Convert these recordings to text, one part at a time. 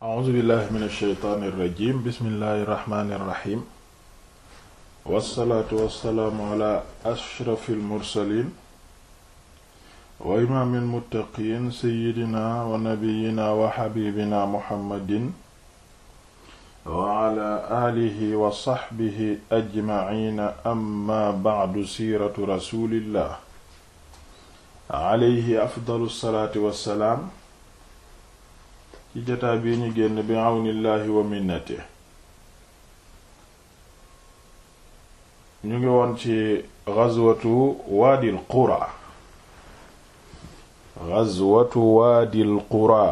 a'uuzu billahi min alsheytaani irrajim bismillahi irrahmani irrahim wassalaatu wassalaamu ala ashrafi almursalin wa imaami almuttaqiin seyidina wa nabiyina wa xabibina muhammadin wa ala aalihi wa saxbihi ajmaciina amma bacdu siiratu rasulillah alayhi afdalu salaati wassalaam ci jotaa bi ñu génn bi àwnillaahi wa minnati ñu ngi woon ci ghazwatu waadil qura ghazwatu waadil qura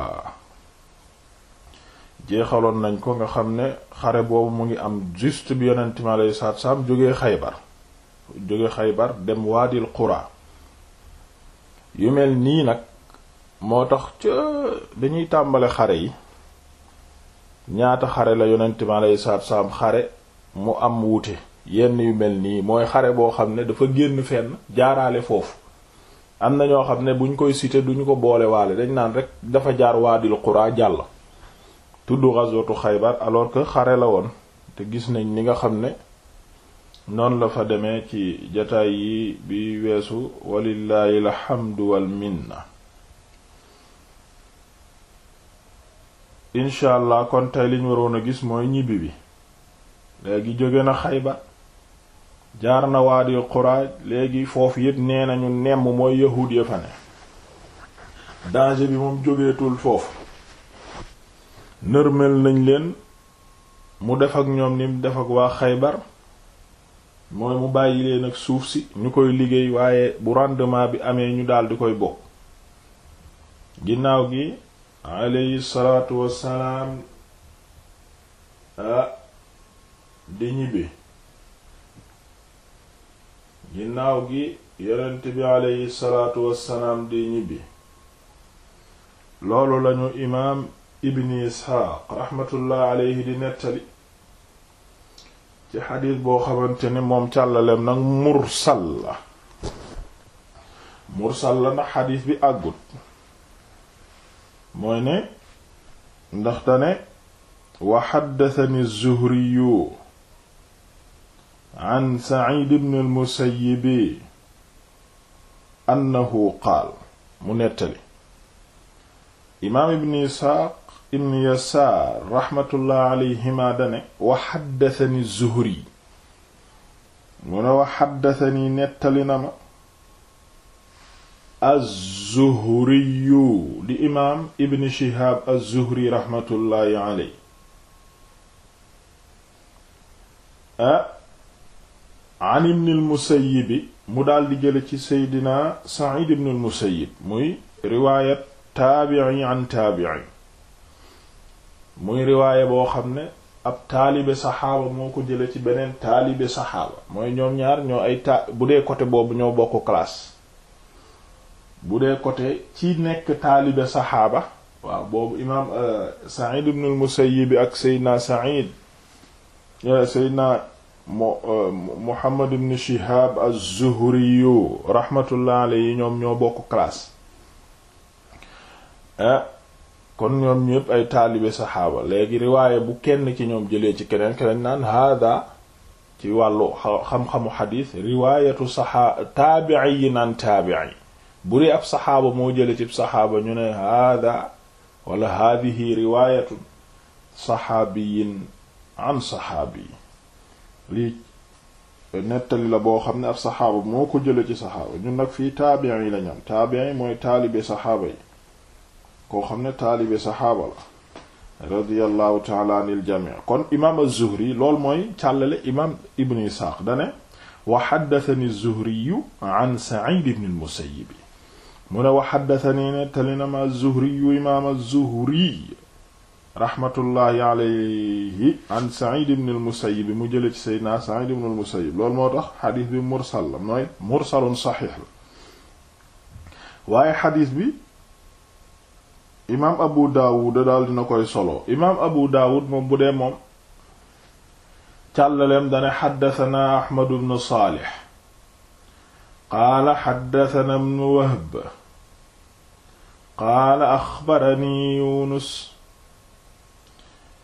jeexaloon nañ ko nga xam ne xare boobu mu ngi am juste bi yonent mi alayhi salaatu salaam jóge xaybar jóge xaybar dem waadil qura yu mel nii nag moo tax ca dañuy tàmbale xare yi ñaata xare la yonent mi alayhi salaatu salaam xare mu am wuute yenn yu mel nii mooy xare boo xam ne dafa génn fenn jaaraale foofu am na ñoo xam ne buñ koy citer duñu ko boolewaale dañ naan rek dafa jaar waadil qura jàll tudd ghazwatu xaybar alors que xare la woon te gis nañ ni nga xam ne noonu la fa demee ci jataay yi bi weesu walillahi alhamdu wal minna incha allah kon tey liñ waroon a gis mooy ñibbi bi léegi jóge na Xaybar jaar na Waadi Quraaj léegi foofu yit nee nañu nemm mooy yahuud ya fa ne danger bi moom jógeetul foofu nërmel nañ leen mu def ak ñoom ni mu def ak waa Xaybar mooy mu bàyyi leen ak suuf si ñu koy liggéey waaye bu rendement bi amee ñu daal di koy bokk ginnaaw gi aleyhi salaatu wassalaam ah di ñibbi ginnaaw gi yonent bi aleyhi salaatu wassalaam di ñibbi loolu lañu imaam ibni isxaaq raxmatullah aleyhi di nettali ci xadiis boo xamante ni moom càllaleem nag mursal la mursal la nag xadiis bi àggut mooy ne ndaxte ne wa xaddatani zuhriyu an sacid bn almusayibi annahu qaal mu nettali imaam ibn isxaaq ibn yasaar raxmatullah alayhima dane wa xaddatani zuhri mu ne wa xaddatani nettali na ma az-Zuhriyu di imaam Ibn Shihab az-Zuhri raxmatullaahi aley ah an ibn mu daldi jële ci seydina Sa'id ibn muy riwaayat taabi'i an taabi'i muy riwaaya boo xam ne ab taalibe saxaaba moo ko jële ci beneen taalibe saxaaba mooy ñoom ñaar ñoo ay ta bu dee côté boobu ñoo bokk classe bu dee côté ci nekk taalibe saxaaba waaw boobu imaam euh, Saïd ibn al-Musayyib ak Seydina Saïd euh, Seydina euh, Muhammad ibn Shihab az-Zuhri rahmatullah alayhi ñoom ñoo bokk classe kon ñoom ñépp ay taalibe saxaaba léegi riwaaye bu kenn ci ñoom jëlee ci keneen keneen naan hada ci wàllu xam-xamu xadiis riwaayatu saxaaba taabi'i yi naan taabi'i bu dee ab saxaaba moo jële ci saxaaba ñu ne hada wala hadihi riwayatun saxaabiyin an saxaabi lii nettali la boo xam ne ab saxaaba moo ko jële ci saxaaba ñun nag fii taabiin yi la ñam taabiin mooy taalibe saxaaba yi koo xam ne taalibe saxaaba la radiyallahu taala anil jamii kon imaam az-Zuhri loolu mooy càllale imaam ibn Isaaq dane wa haddathani az-Zuhri an Sa'id ibn al mu ne wa xaddatani nettali na ma az-Zuhriyu imaam az-Zuhri raxmatullaahi alayhi an Saciid ibn al-Musayyib mu jële ci Seydina Saciid ibn al-Musayyib loolu moo tax xadiis bi mursal la mooy mursalun saxiix la waaye xadiis bi imaam Abu Daawud daal dina koy solo imaam Abu Daawud moom bu dee moom càllaleem dane xaddatanaa Ahmad ibn Saalix qaala xaddatana bnu wahb qaala axbarani yunus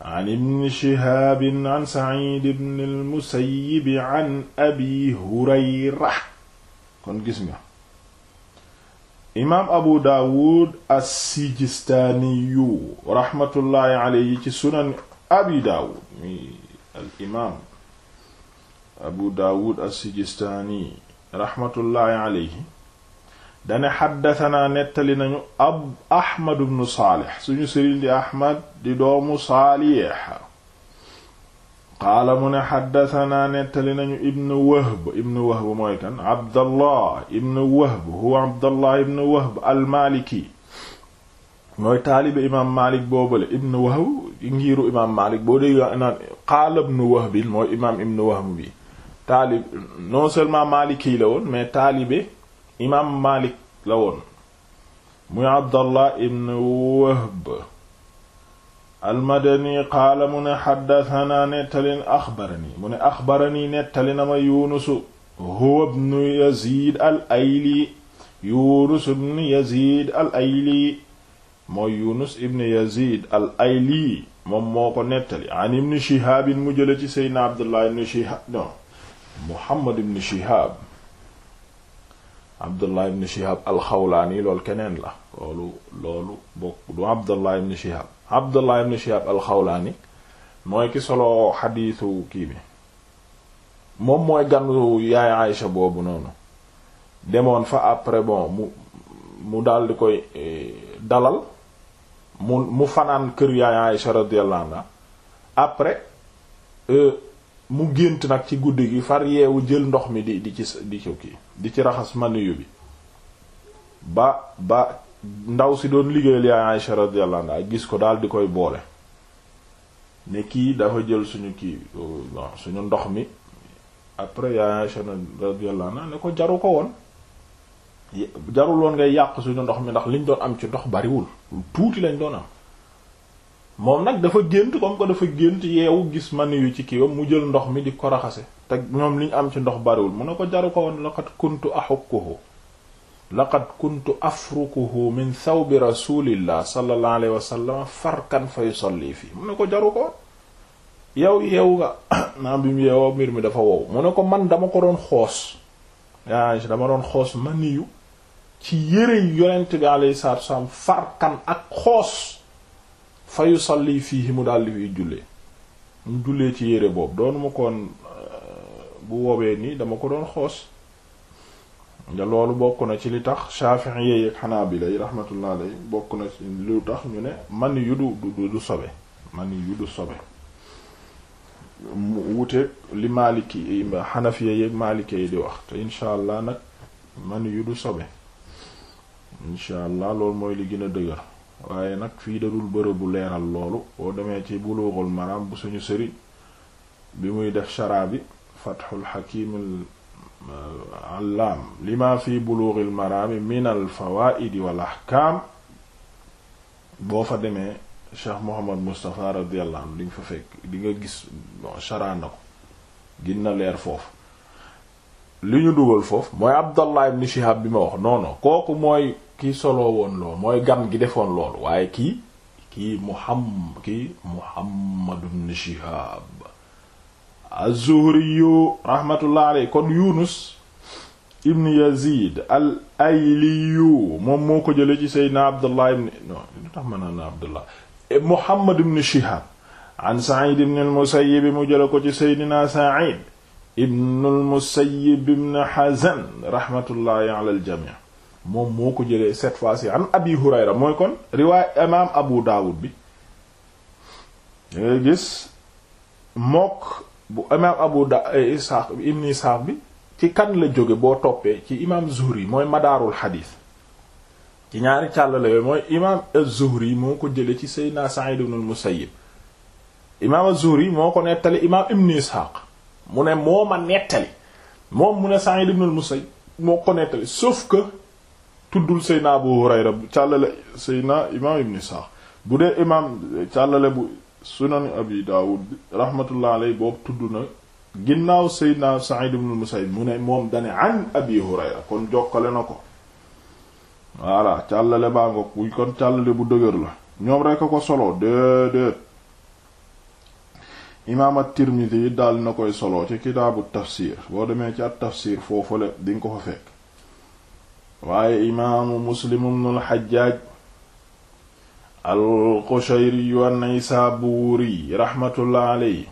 an ibni shihaabin an sacid bn almusayibi an abi hurayra kon gis nga imaam abu daawud assijistaaniyu raxmatullaahi aleyhi ci sunan abi daawud mi al imaam abu daawud assijistaani raxmatullaahi alayhi dane xaddatanaa nettali nañu ab ahmad bnu saalix suñu sëriñ di ahmad di doomu saalix qaala mu ne xaddatanaa nettali nañu ibnu wahb ibnu wahb mooy kan abdallah ibnu wahb huwa abdallah ibnu wahb almaaliki mooy taalibe imaam maalik boobale ibnu wahb ngiiru imaam maalik boo dégg naan qaala ibnu wahbin mooy wahb bi taalib non seulement maliki la woon mais taalibe imaam Malik la woon muy Abdallah ibn Wahb almadani qaala mu ne xaddatanaa nettalin axbarani mu ne axbarani nettali na ma yuunusu huwa bnu yazid al ayli yuunus ibn yazid al ayli mooy yuunus ibn yazid al ayli moom moo ko nettali an ibn shihaabin mu jële ci seydna abdullah ibn shihaab Muhammad ibn Shihab Abdullah ibn Shihab al-Xawlaani loolu keneen la loolu loolu bokk du Abdullah ibn Shihab Abdullah ibn Shihab al-Xawlaani mooy ki solo xadiisu kii bi moom mooy ganu yaay Aïcha boobu noonu demoon fa après bon mu mu daal koy eh, dalal mu mu fanaan kër yaay Aïcha radiyallahu anha après. Euh, mu gént nag ci guddi gi far yeewu jël ndox mi di di ci di ci kii di ci raxas maniyu bi ba ba ndaw si doon liggéeyal yaay Aïsha radiyallahu anha gis ko daal di koy boole ne kii dafa jël suñu kii euh, suñu ndox mi après yaay Aïsha radiyallahu anha ne ko jaru ko woon jaruloon ngay yàq suñu ndox mi ndax liñ doon am ci ndox bariwul tuuti lañ doon am moom nag dafa gént comme que dafa gént yeewu gis man yu ci kiiwam mu jël ndox mi di ko raxase teg ñoom li ñu am ci ndox bariwul mu ne ko jaru ko woon laqad kuntu axukkuhu laqad kuntu afrukuhu min thawbi rasulillah sallallahu alayhi wasallam farkan fa yusalli fii mu ne ko jaru ko yow yeewu nga naa bi mu yeewoo mbir mi dafa wow mu ne ko man dama ko doon xoos yaa dama doon xoos maniyu ci yëre yonent bi alayhi salaatu wasallam farkan ak xoos fayu fa yusalli fii mu daal di fiy jullee mu jullee ci yére boobu doonu ma koon eh, bu woowee nii dama ko doon xoos nga loolu bokk na ci li tax Shafi'i yi ak Hanabila yi rahmatullah alayhi bokk na ci lu tax ñu ne man yu du sobe man yu du sobe mu wuteeg li Maliki Hanafiya yi ak Maliki yi di wax te incha allah nag man yu du sobe incha allah loolu mooy li gën a dëgër. waaye nag fii dadul bërëbu leeral loolu boo demee ci bulughul maram bu suñu sëriñ bi muy def sharaa bi fathul hakim euh, allaam lima fi bulughil marami min al wal ahkam boo fa demee cheikh mohammad moustapha radiyallahu anhu di nga fa fekk di nga gis sharaa na ko gin leer foofu li ñu dugal foofu mooy abdallah ibn shihab bi ma wax non kooku mooy ki solo woon lool mooy gan gi defoon lool waaye kii kii muham kii Muhammad ibn Shihab az-Zuhriyu rahmatullah kon Yunus ibn Yazid al Ayliyu moom moo ko jëlee ci Seydina Abdullah ibn non lu ma naan Abdullah eh, Muhammad ibn Shihab an Sa'id ibn al mu jëlee ko ci Seydina Sa'id ibn al al-jami' moom moo ko jëlee cette fois yi an abi hurayra mooy kon riwaay imaam abu daawud bi ngay gis mook bu imaam abu da isaaq ibn isaaq bi ci kan la jóge boo toppee ci imaam zuhri mooy madaarul xadiis ci ñaari càllale yooyu mooy imaam az moo ko jëlee ci seyna sa'id ibn al-musayyib imaam az moo ko nettali imaam ibn isaaq mu ne moo ma nettali moom mu ne sa'id ibn al-musayyib moo ko nettali sauf que tuddul Seydina Abu Hurayra càllale Seydina imaam Ibn Isaaq bu dee imaam càllale bu sunan Abi Daawud bi boobu tudd na ginnaaw Seydina Sa'id ibn Musayyib mu ne moom dane an Abi Hurayra kon jokkale na ko voilà càllale baa ngo buñ kon càllale bu dëgër la ñoom rekk a ko solo déedéet imaam at-Tirmidhi daal na koy solo ci kitaabu tafsir boo demee ci at tafsir foofule di nga ko fa fekk waaye imaamu muslim ibnu al-Hajjaaj al-Qushayri an-Naysaabuuri rahmatullah yi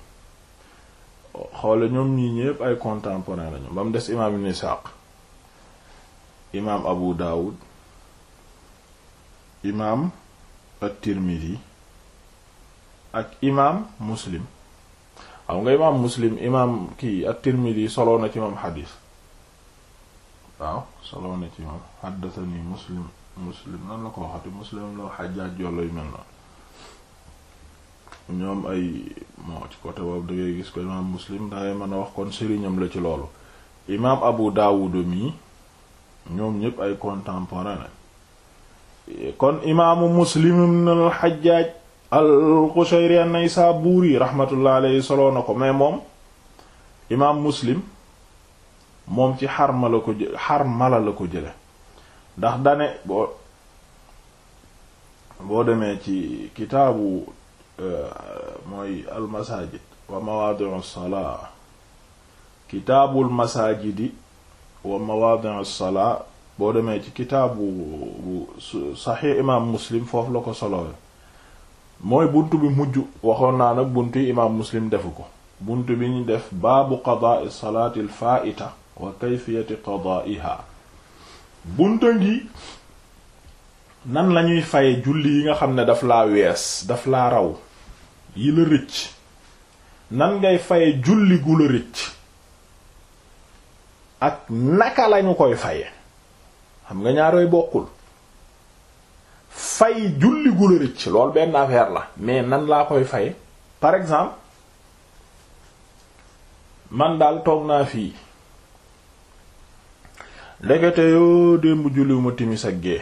xoole ñoom ñi ñépp ay contemporain lañu ba mu des imaam ibnu Isxaaq imaam Abu Daawud imaam at-Tirmidi ak imaam muslim xam nga imaam muslim imaam kii at-Tirmidi soloo na ci moom xadiis waaw solo na ci moom xaddatani muslim muslim nan la ko waxati muslim la xajaaj yollo yu mel noonu ñoom ay moo ci côté boobu da ngay gis ko imaam muslim dangay mën a wax kon sëriñam la ci loolu imaam abu mi ñoom ñëpp ay contemporain kon imaamu muslim ibn al xajaaj al qushayri an-naysaburi rahmatullah alayhi soloo na ko mais moom imaam muslim moom ci xarma la ko la ko jële ndax dane boo boo demee ci kitaabu euh, mooy almasajid wa mawaadi'u salaa kitaabul masajidi wa mawaadi'u salaa boo demee ci kitaabu saxiix imaam muslim foofu la ko solowee mooy bunt bi mujj waxoon naa nag bunt imaam muslim defu ko bunt bi ñu def baabu qadaa'i salaati al faa'ita wa kayfiyati qada'iha bunta ngi nan lañuy faye julli yi nga xam ne daf la wees daf laa raw yi la rëcc nan ngay faye julli gu la rëcc ak naka lañu koy faye xam nga ñaarooy bokkul fay julli gu la rëcc lool benn affaire la mais nan laa koy faye par exemple man daal toog naa fii ndekete yoo démb ma timis ak gée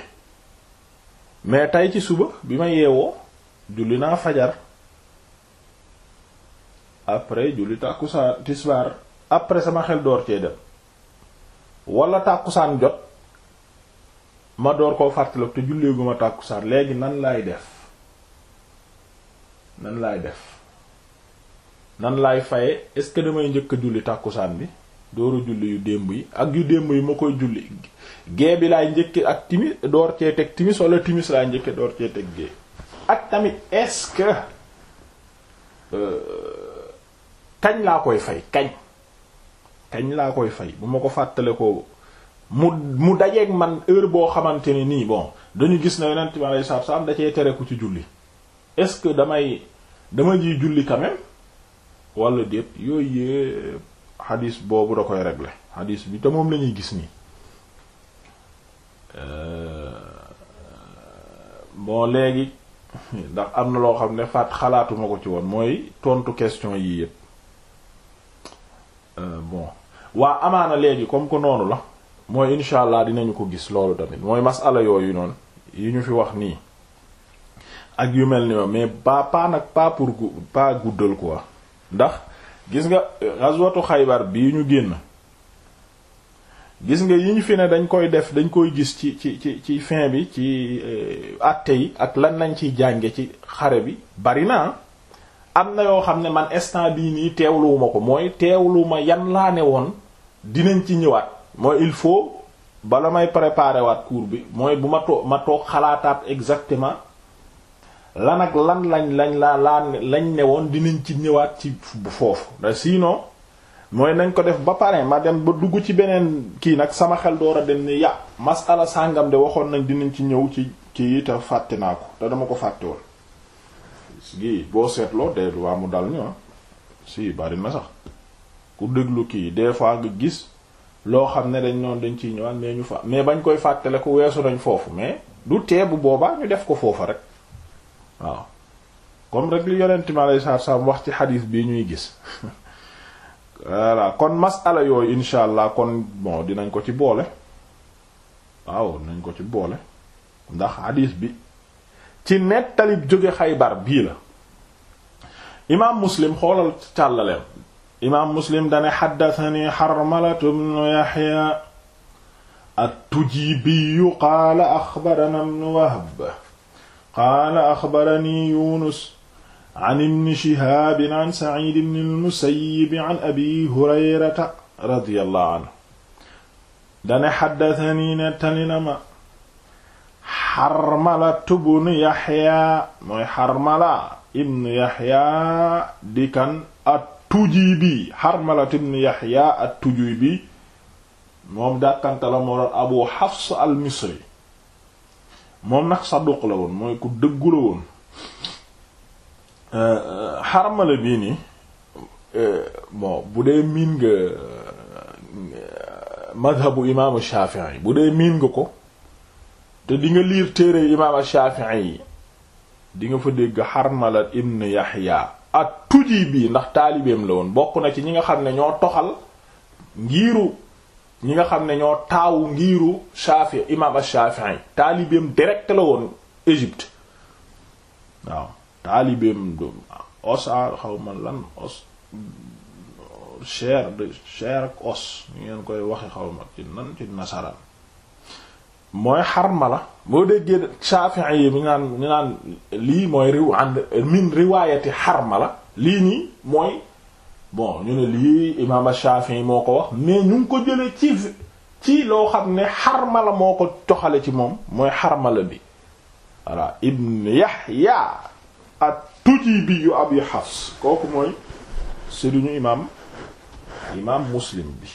mais tey ci suba bi ma yeewoo julli naa fajar après julli tàkkusaan tisbaar après sama xel door cee dem wala tàkkusaan jot ma door koo bu te julleeguma tàkkusaan léegi nan laay def nan laay def nan laay faye est-ce que damay njëkk a julli tàkkusaan bi dooru julli yu démb yi ak yu démb yi ma koy julli gée bi laay njëkke ak timis door cee teg timis wala timis laay njëkke door cee teg gée ak tamit est euh, kañ laa koy fay kañ kañ laa koy fay bu ma ko fàttale ko mu mu dajeeg man heure boo xamante ne nii bon dañu gis na yonent bi alayhi salaatu salaam tere ku ci julli est-ce que damay dama ji julli quand walla wala déet xadis boobu da koy régler xadis bi te moom lañuy gis nii euh, bon léegi ndax am na loo xam ne faat xalaatuma ko ci woon mooy tontu question yii yépp euh, bon waa amaana léegi comme que noonu la mooy incha allah dinañu ko gis loolu tamit mooy masala yooyu noonu yi ñu fi wax nii ak yu mel ni mais ba pas nag pas pour pas guddal quoi ndax gis nga ghazwatu xaybar bii ñu génn gis nga yi ñu fi ne dañ koy def dañ koy gis ci ci ci ci fin bi ci àtte euh, yi ak lan lañ ci jànge ci xare bi bari na ah. am na yoo xam ne man instant bii nii teewluwuma ko mooy teewluwuma yan laa ne woon dinañ ci ñëwaat mooy il faut bala may préparer waat cours bi mooy bu ma toog ma toog xalaataat exactement lan ak lan lañ lañ la laan lañ ne woon dinañ ci ñëwaat ci foofu da sinon mooy nañ ko def ba pare ma dem ba dugg ci beneen kii nag sama xel door a dem ni ya masala sàngam de waxoon nañ dinañ ci ñëw ci kii te fàtte naa ko te dama ko fàtte woon gi boo seetloo de waa mu dal ñu ah. si bari na sax ku déglu kii des fois nga gis loo xam ne dañ noonu dañ ciy ñëwaat mais ñu fa mais bañ koy fàttale ku weesu nañ foofu mais du teebu boobaa ñu def ko foofa rek waaw comme rek li yonent mi alayhi salaatu salaam wax ci xadiis bi ñuy gis voilà kon masala yooyu insha allah kon bon dinañ ko ci boole waaw nañ ko ci boole ndax xadiis bi ci nettalib jóge xaybar bii la imaam muslim xoolal càllaleem imaam muslim dane xaddatani xarmalatu bnu yaxya at tujibiyu qaala axbarana bnu wahb qaala axbarani yunus an ibni shihaabin an sacid ibni almusayyibi an abi hurayrata radiyallahu anhu dane xaddatani nettali na ma xarmala tubnu yaxya mooy xarmala ibnu yaxya di kan at-tujibi xarmala ibnu yaxya at-tujibi moom dàkkante la moo doon abu xafs al-misri moom nax saduq la woon mooy ku dëggu la woon euh, euh, xarmala bii nii euh, bon bu dee miin nga madhabu imaamu Shafi'i bu dee miin nga ko te di liir téere imaamu Shafi'i yi dinga nga fa dégg xarmala ibn Yahya ak tuji bi ndax taalibeem la woon bokk na ci ñi nga xam ne ñoo toxal ngiiru ñi nga xam ne ñoo taawu ngiiru Shafi imam ash-Shafi'i taalibeem direct la woon Égypte waaw taalibeem os a xaw ma lan os chair de chair ak os ñu ngeen koy waxe xaw ma ci nan ci nasaraan mooy Harmala boo déggee Shafi'i yi bi naan ñu naan lii mooy riw ànd min riwaayati lii nii mooy bon ñu ne lii imaam Shafi'i moo ko wax mais ñu ngi ko jëlee ci ci loo xam ne xarmala moo ko toxale ci moom mooy xarmala bi voilà ibn Yahya at bi yu Abi Hafs kooku mooy sëriñu imaam imaam Muslim bi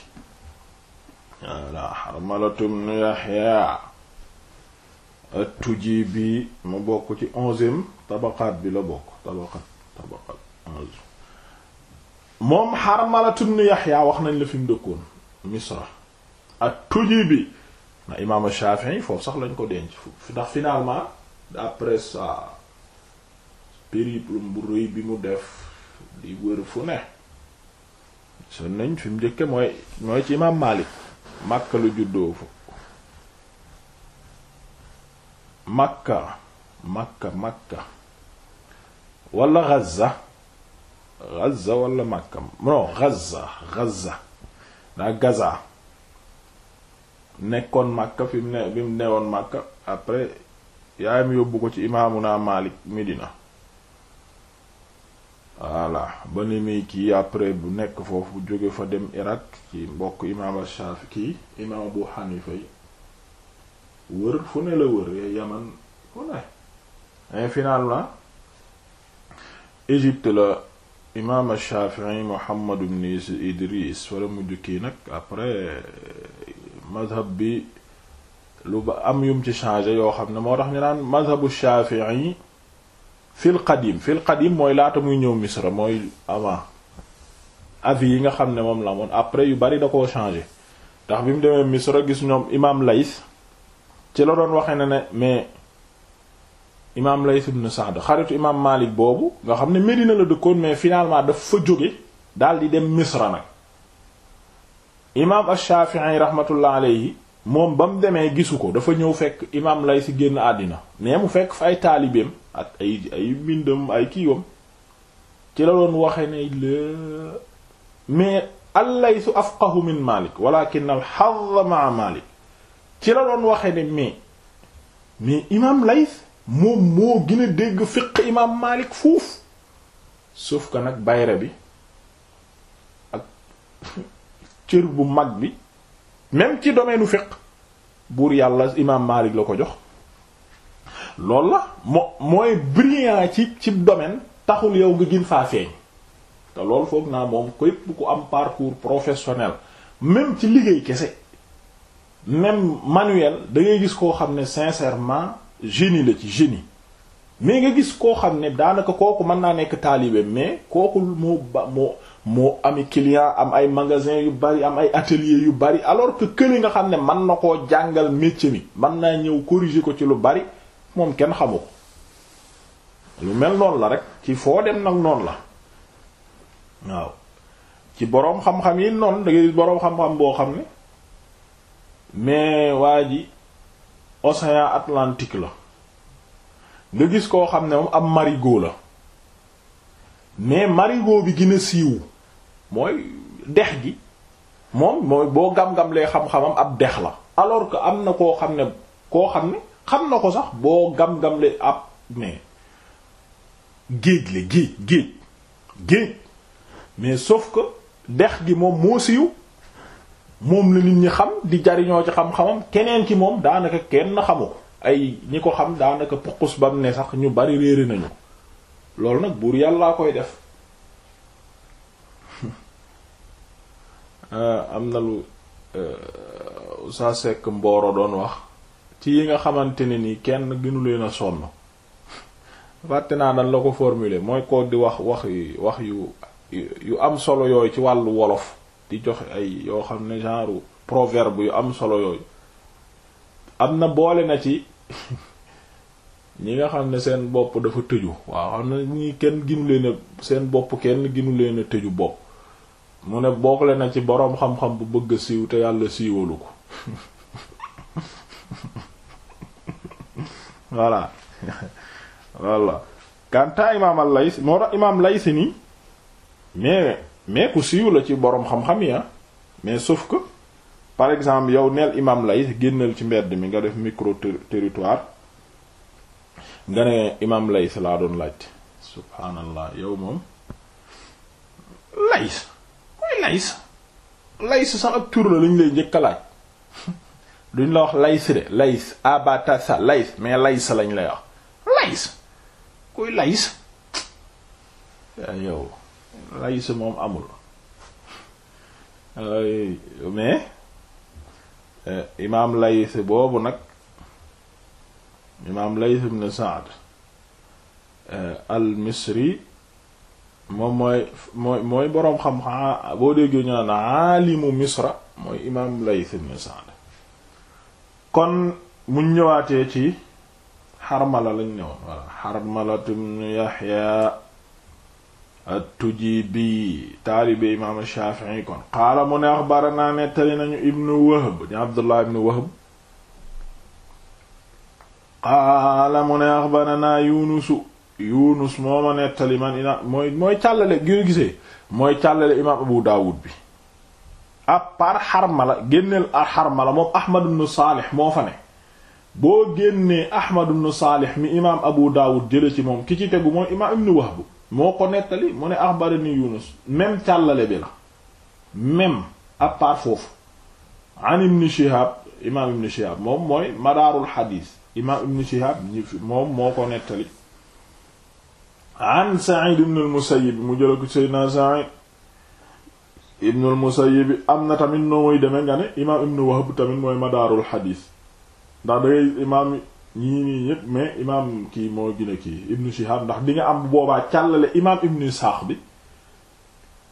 voilà xarmalatu ibn Yahya at-Tujibi mu bokk ci onzième tabaqaat bi la bokk tabaqaat tabaqaat onze moom Harmalatu ibn Yahya wax nañ la fi mu dëkkoon Misra ak tuji bi na imaam Shafi'i foofu sax lañ ko denc ndax finalement après ça périple bu rëy bi mu def di wër fu ne so nañ fi mu njëkke mooy mooy ci imaam Malik Makka lu juddoo fu Makka Makka Makka wala Gaza Gaza wala Makka non Gaza Gaza daa Gaza nekkoon Makka fi mu ne bi mu newoon Makka après yaayam yóbbu ko ci imaamuna Maalik Medina voilà ba ni kii après bu nekk foofu jóge fa dem Irak ci mbokk imaam Shaafi kii imaam Abu Hanifa yi wër fu ne la wër Yaman fu ne et finalement Égypte la imaam Shaafi'i Muhammad ibn Idris wala mujj kii nag après madhab bi lu ba am yum ci changé yoo xam ne moo tax ñu naan madhabu Shaafi'i fil qadim fil qadim mooy laata muy ñëw Misra mooy avant avis yi nga xam ne moom la amoon après yu bari da koo changé ndax bi mu demee Misra gis ñoom imaam Layth ci la doon waxee ne ne mais. imaam Layth ibn Sa'd xaritu imaam Malik boobu nga xam ne Medina la dëkkoon mais finalement daf fa jóge daal di dem Misra nag imaam Ash-Shafi'i rahmatullah alayhi moom ba mu demee gisu ko dafa ñëw fekk imaam Layth génn àddina mais mu fekk fa ay taalibeem ak ay ay mbindam ay kiiwam ci la doon waxe ne la mais al-Layth afqahu min Malik walakin al-hadd ma'a Malik ci la doon waxe ne mais mais imaam Layth moom moo gën a dégg fiq imaam Malik foofu sauf que nag bayra bi ak cër bu mag bi même ci domaine fiq buur yàlla imaam Malik la ko jox loolu la mo mooy brillant ci ci domaine taxul yow nga gën faa feeñ te lool foog naa moom képp ku am parcours professionnel même ci liggéey kese même manuel da ngay gis koo xam ne sincèrement génie la ci génie mais nga gis koo xam ne daanaka kooku mën naa nekk taalibe mais kooku moo ba moo moo ami client am ay magasin yu bari am ay atelier yu bari alors que kële nga xam ne mën na koo jàngal métier mi mën naa ñëw corriger ko ci lu bari moom kenn xamu ko lu mel noonu la rek ci foo dem nag noonu la waaw ci boroom xam-xam yi noonu da ngay boroom xam-xam boo xam ne mais waa ji océan Atlantique la nga gis koo xam ne moom ab marigot la mais marigot bi gën a siiw mooy dex gi moom mooy boo gam-gam xam-xamam ab dex la alors que am na koo xam ne koo xam ne xam na ko sax boo gam-gam ab mais géej la géej géej géej mais sauf ko dex gi moom moo siiw moom la nit ñi xam di jariñoo ci xam-xamam keneen ki moom daanaka kenn xamu ko ay ñi ko xam daanaka pukus bam ne sax ñu bari réere nañu loolu nag buur yàllaa koy def euh, am na lu euh, sa sekk mbooro doon wax ci yi nga xamante ne ni kenn gënu leen a sonn fàtte naa dañ la ko formuler mooy ko di wax wax wax yu yu am solo yooyu ci wàllu wolof di joxe ay yoo xam ne genre proverbe yu am solo yooyu am na boole na ci ñi nga xam ne seen bopp dafa tëju waaw xam na ñi kenn ginu leen seen bopp kenn ginu leen tëju bopp mu ne boole na ci boroom xam-xam bu bëgg a siiw te yàlla siiwalu ko voilà voilà kantaa imaam al moo tax imaam laysi nii mais mais ku siiw la ci boroom xam-xam ya ah. mais sauf que par exemple yow neel imaam lay génnal ci mbedd mi nga def micro territoire nga ne imam lays laa doon laaj subhaanallah yow moom lays mooy lays lays sax ab tur la lañ lay njëkk a laaj duñ la wax lays de lays abatasa lays mais lays lañ lay wax lays kuy lays yow lays moom amul mais eh, imaam lays boobu nag imaam lays ibn Sa'd eh, al misri moom mooy mooy mooy boroom xam-xam ah, boo déggee ñu naan aalimu misra mooy imaam lays ibn Sa'd kon muñ ñëwaatee ci xarmala lañ ne woon voilà xarmalatum Yaxya at-Tujibi taalibe imaam Shaafi'i kon qaala mu ne axbaranaa nettali nañu ibnu Wahb di Abdullah càllale gi mooy càllale imaam Abu Daawud bi à part Harmala génneel a Harmala moom Ahmad ibnu Saalih moo fa ne boo génnee Ahmad ibnu Saalih mi imaam Abu Daawud jële ci moom ki ci tegu mooy imaam ibnu Wahb moo ko nettali mu ne axbarani Yunus même càllale bi la même à part foofu an ibn Shihab imam ibn Shihab moom mooy madaarul xadiis imam ibn Shihab moom moo ko nettali an Sa'id ibn al-Musayyib mu jëla ko Seydina Sa'id ibn al-Musayyib am na tamit noo muy demee nga ne imam ibn Wahb tamit mooy madaarul xadiis ndax dangay imam ñii nii ñëpp mais imaam kii moo gën a kii ibnu Shihab ndax di nga am boobaa càllale imaam ibnu Isxaaq bi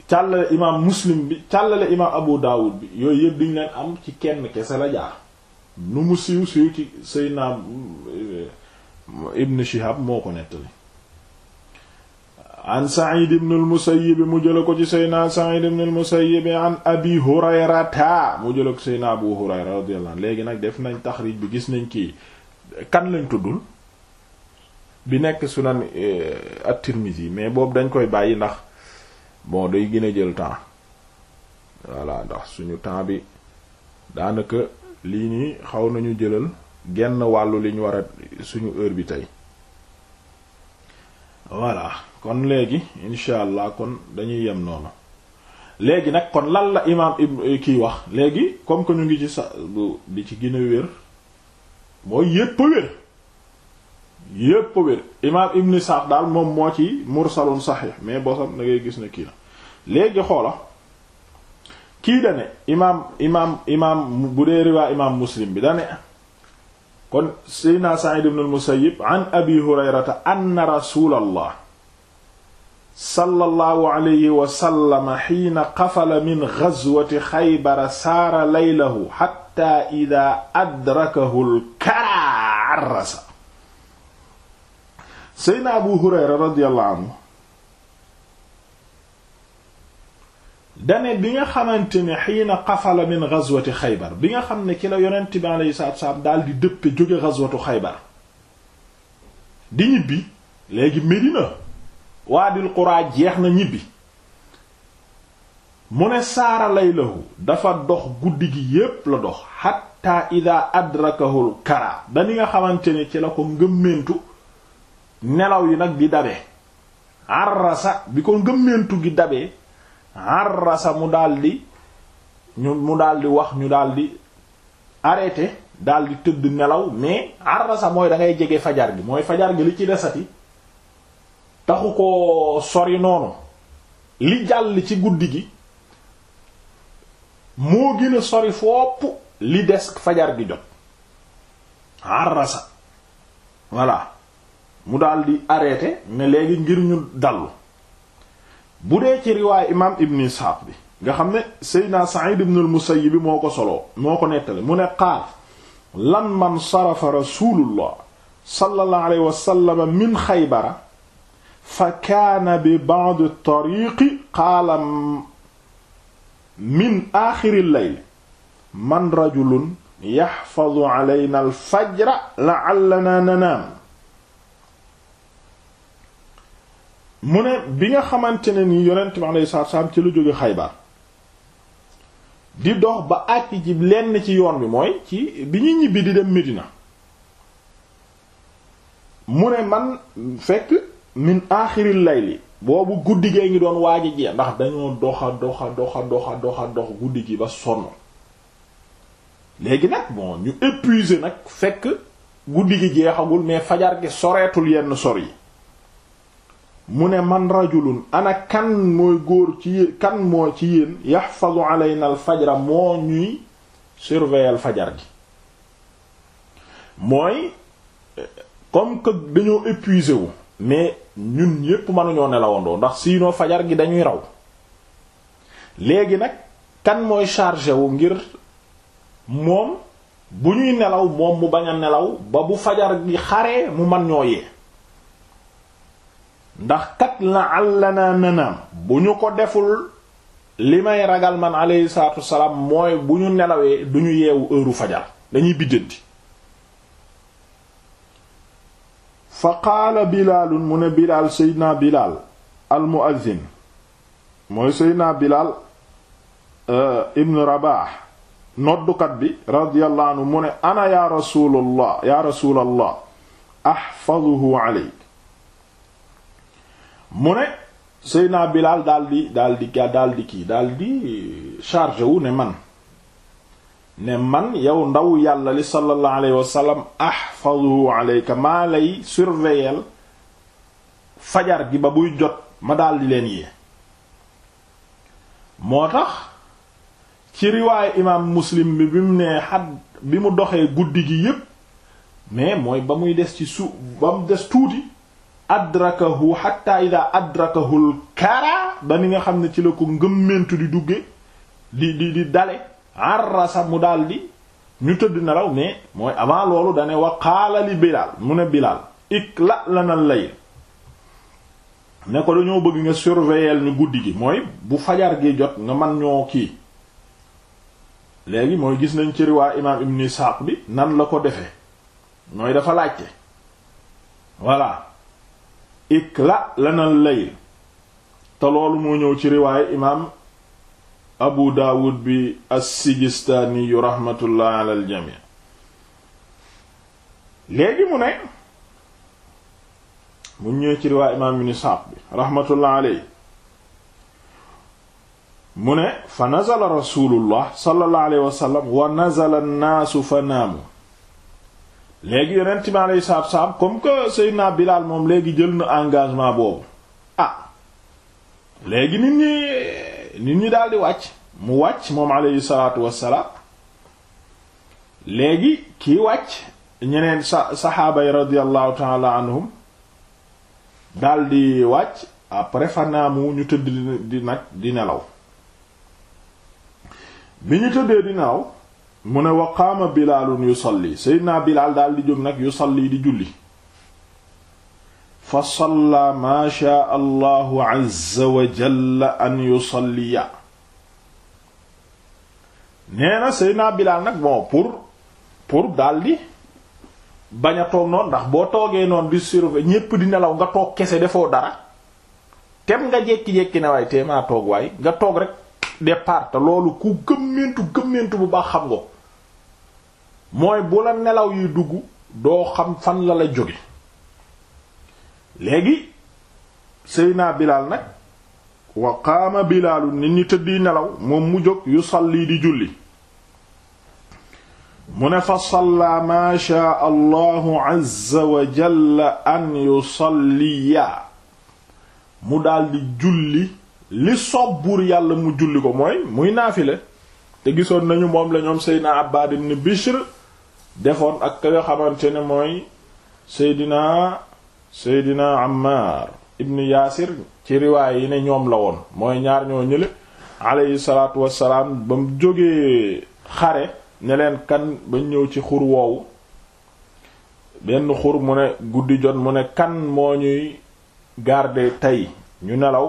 càllale imaam Muslim bi càllale imaam Abu Dawud bi yooyu yëpp diñ leen am ci kenn kese la jaar nu mu siiw siiw ci Seydina eh, ibnu Shihab moo ko nettali an Sa'id mu al-Musayyib mu jëla ko ci Seydina Sa'id ibn al-Musayyib an Abi Hurayrata mu jëla ko Seydina Abu Hurayra radiyallahu anhu léegi nag def nañ taxriij bi gis nañ kii kan lañ tuddul bi nekk sunan eh, at yi mais boobu dañ koy bàyyi ndax bon day gën a jël temps voilà ndax suñu temps bi daanaka lii nii xaw nañu jëlal genn wàllu liñ war a suñu heure bi tey voilà kon léegi incha allah kon dañuy yem noonu léegi nag kon lan la imaam ib eh, kiy wax léegi comme que ñu ngi ci sa bi ci gën a wér mooy yépp wér yépp wér imaam ibn Sa'd daal moom moo ci mursalun saxiix mais bosam da ngay gis ne kii na léegi xoola kii dane imaam imaam imaam bu dee imaam muslim bi dane kon seydna Sa'id ibn musayyib an abi hurayrata anna rasulallah sallallahu alayhi wa sallam hiina min ghazwati xaybara saara laylahu xatta ida adrakahu l karaarasa dane bi nga xamante ne xiina xafala min gazwati xaybar bi nga xam ne ci la yonent bi alayhi daal di dëppe jóge gazwatu xaybar di ñibbi léegi Medina waadil Quraa jeex na ñibbi mu ne saara laylahu dafa dox guddi gi yépp la dox xatta ida adrakahul kara dani nga xamante ne ci la ko ngëmmentu nelaw yi nag di dabe arrasa bi ko ngëmmentu gi dabe arrasa mu daldi ñu mu di wax ñu di daldi arrêté di tëdd nelaw mais arrasa mooy da ngay jege fajar gi mooy fajar gi li ci desati taxu ko sori noonu li jàll ci guddi gi moo gën sori fopp li des fajar gi jot arrasa mu daldi di arrêté ne léegi ngir ñu dallu bu dee ci riwaay imaam ibn Isxaaq bi nga xam ne Seydina Sa'id ibn al bi moo ko soloo moo ko nettali mu ne qaal lan man sarafa rasulullah sallallahu alayhi wa sallam min Xaybara fa kaana bi ba'd at-tariiq qaala min aaxiril layl man rajulun yaxfadu la alfajra la'allana nanaam mu ne bi nga xamante ne ni yonent bi alayhi salaatu ci lu jóge Xaybar di dox ba àcc ci lenn ci yoon bi mooy ci bi ñuy ñibbi di dem Medina mu ne man fekk min aaxiril layli boobu guddi gee ngi doon waaj a jeex ndax dañoo doxa doxa doxa doxa doxa dox guddi gi ba sonn léegi nag bon ñu épuisé nag fekk guddi gi jeexagul mais fajar gi soreetul yenn sor yi mu ne man rajulun ana kan mooy góor ci yéen kan moo ci yéen yaxfazu alayna al fajra moo ñuy surveiller fajar gi mooy comme que dañoo épuisé wu mais ñun ñépp mënuñoo nelawandoo ndax siinoo fajar gi dañuy raw léegi nag kan mooy chargé wu ngir moom bu ñuy nelaw moom mu bañ a nelaw ba bu fajar gi xaree mu man ñoo yee ndax kat la àllana nanaam bu ñu ko deful li may ragal man aleyhi salaatu wasalaam mooy bu ñu nelawee duñu ñu yeewu heure fajar dañuy biddanti fa qaala bilaalun mu ne bilaal seydinaa bilaal al muazzin mooy seydinaa bilaal euh, ibn rabaax noddukat bi radiyallahu anhu mu ne ana yaa rasuulallah yaa rasuulallah ahfaduhu aleyk mu ne seydinaa bilaal daldi daldi daldi kii daldi chargé wu ne man ne man yow ndaw yàlla li sallallahu alayhi wa sallam ahfazu alayka maa lay surveiller fajar gi ba muy jot ma daldi leen yee moo tax ci riwaayu imaam muslim bi mu nee xadd bi mu doxee guddi gi yépp mais mooy ba muy des ci suuf ba mu des tuuti adrakahu hatta ida adrakahul kara ba ni nga xam ne ci la ko ngëmmentu di dugge di di di dale arrasa mu daal di ñu tëdd nelaw mais mooy avant loolu dane wa qaala bilaal mu ne bilaal la lana layl ne ko dañoo bëgg nga surveiller ñu guddi gi mooy bu fajar gi jot nga man ñoo kii léegi mooy gis nañ ci riwaa imaam ibn Isaaq bi nan la ko defe mooy dafa laajte voilà ikla lana layl te loolu moo ñëw ci riwaayu imaam abu daawud bi as-sijistaaniyu raxmatullah ala aljami léegi mu ne mu ñëwee ci riwaa imaam ibn Sa'd bi raxmatullah alayhi mu ne fa nazala rasulullah sallallahu alayhi wa wa nazala an-naasu fa naamu léegi yonent bi alayhi salaatu salaam comme que Seydina Bilaal moom léegi jël na engagement boobu ah léegi nit ñi nit ñi daal di wàcc mu wàcc moom alayhi salaatu wassalaam léegi kii wàcc ñeneen sa saxaaba yi taala anhum daal wàcc après fanaamu ñu tëdd di nag di nelaw bi ñu tëddee di nelaw mu ne wa qaama bilaalun yusalli sayyidina bilaal daal di jóg nag yusalli di julli fa salla maa shaa allahu azza wa jalla an yusalliya nee na Seydina Bilaal nag bon pour pour daldi bañ a toog noonu ndax boo toogee noonu di surveiller ñépp di nelaw nga toog kese defoo dara tem nga jekki-jekki ne waaye tee maa toog waay nga toog rek départ te loolu ku gëmmentu gëmmentu bu baax xam nga mooy bu la nelaw yi dugg doo xam fan la la jóge léegi Seydina Bilaal nag wa qaama Bilaalu nit ñi tëddi nelaw moom mu jóg yusalli di julli mu ne fa salla maa shaa allahu azza wa jalla an yusalliya mu daldi julli li soob buur yàlla mu julli ko mooy muy naafile te gisoon nañu moom la ñoom seydina Abbaad ibn Bishr defoon ak ka xamante ne mooy seydina seydina Ammar ibn Yaasir ci riwaay yi ne ñoom la woon mooy ñaar ñoo ñële aleyhi salaatu wassalaam ba mu jógee xare ne leen kan ba ñëw ci xur woowu benn xur mu ne guddi jot mu ne kan moo ñuy garder tey ñu nelaw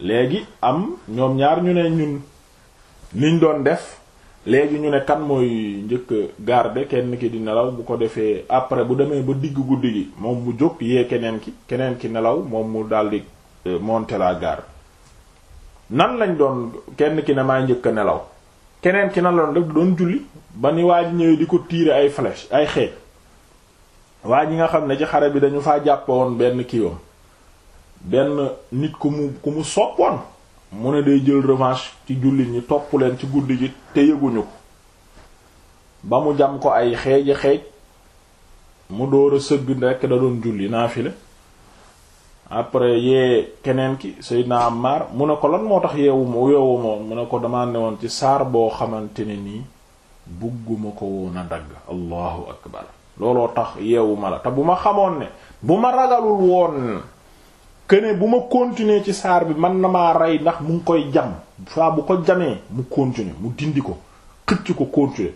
léegi am ñoom ñaar ñu ne ñun niñ doon def léegi ñu ne kan mooy njëkk garde kenn ki di nelaw bu ko defee après bu demee ba digg guddi gi moom mu jóg yee keneen ki keneen ki nelaw moom mu daldi euh, monter la garde nan lañ doon kenn ki ne maa njëkk a nelaw keneen ki nan la doon def doon julli ba ni waa ji ñëwee di ko tiire ay flèche ay xeej waa ji nga xam ne ci xare bi dañu faa jàppoon benn kiiwam benn nit ku mu ku mu soppoon mu ne day jël revanche ci jullit ñi topp leen ci guddi gi te yëguñu ko ba mu jam ko ay xeeji xeej mu door a sëgg rekk da doon julli naafile après yee keneen ki Seydina Ammar mu ne ko lan moo tax ma yeewumoon mu ne ko dama ne woon ci saar boo xamante ne nii bugguma ko woon a dagg allahu akbar looloo tax yeewuma la te bu ma xamoon ne bu ma ragalul woon ne bu ma continuer ci saar bi man na maa rey ndax mu ngi koy jam saa bu ko jamee mu continuer mu dindi ko xëcc ko continuer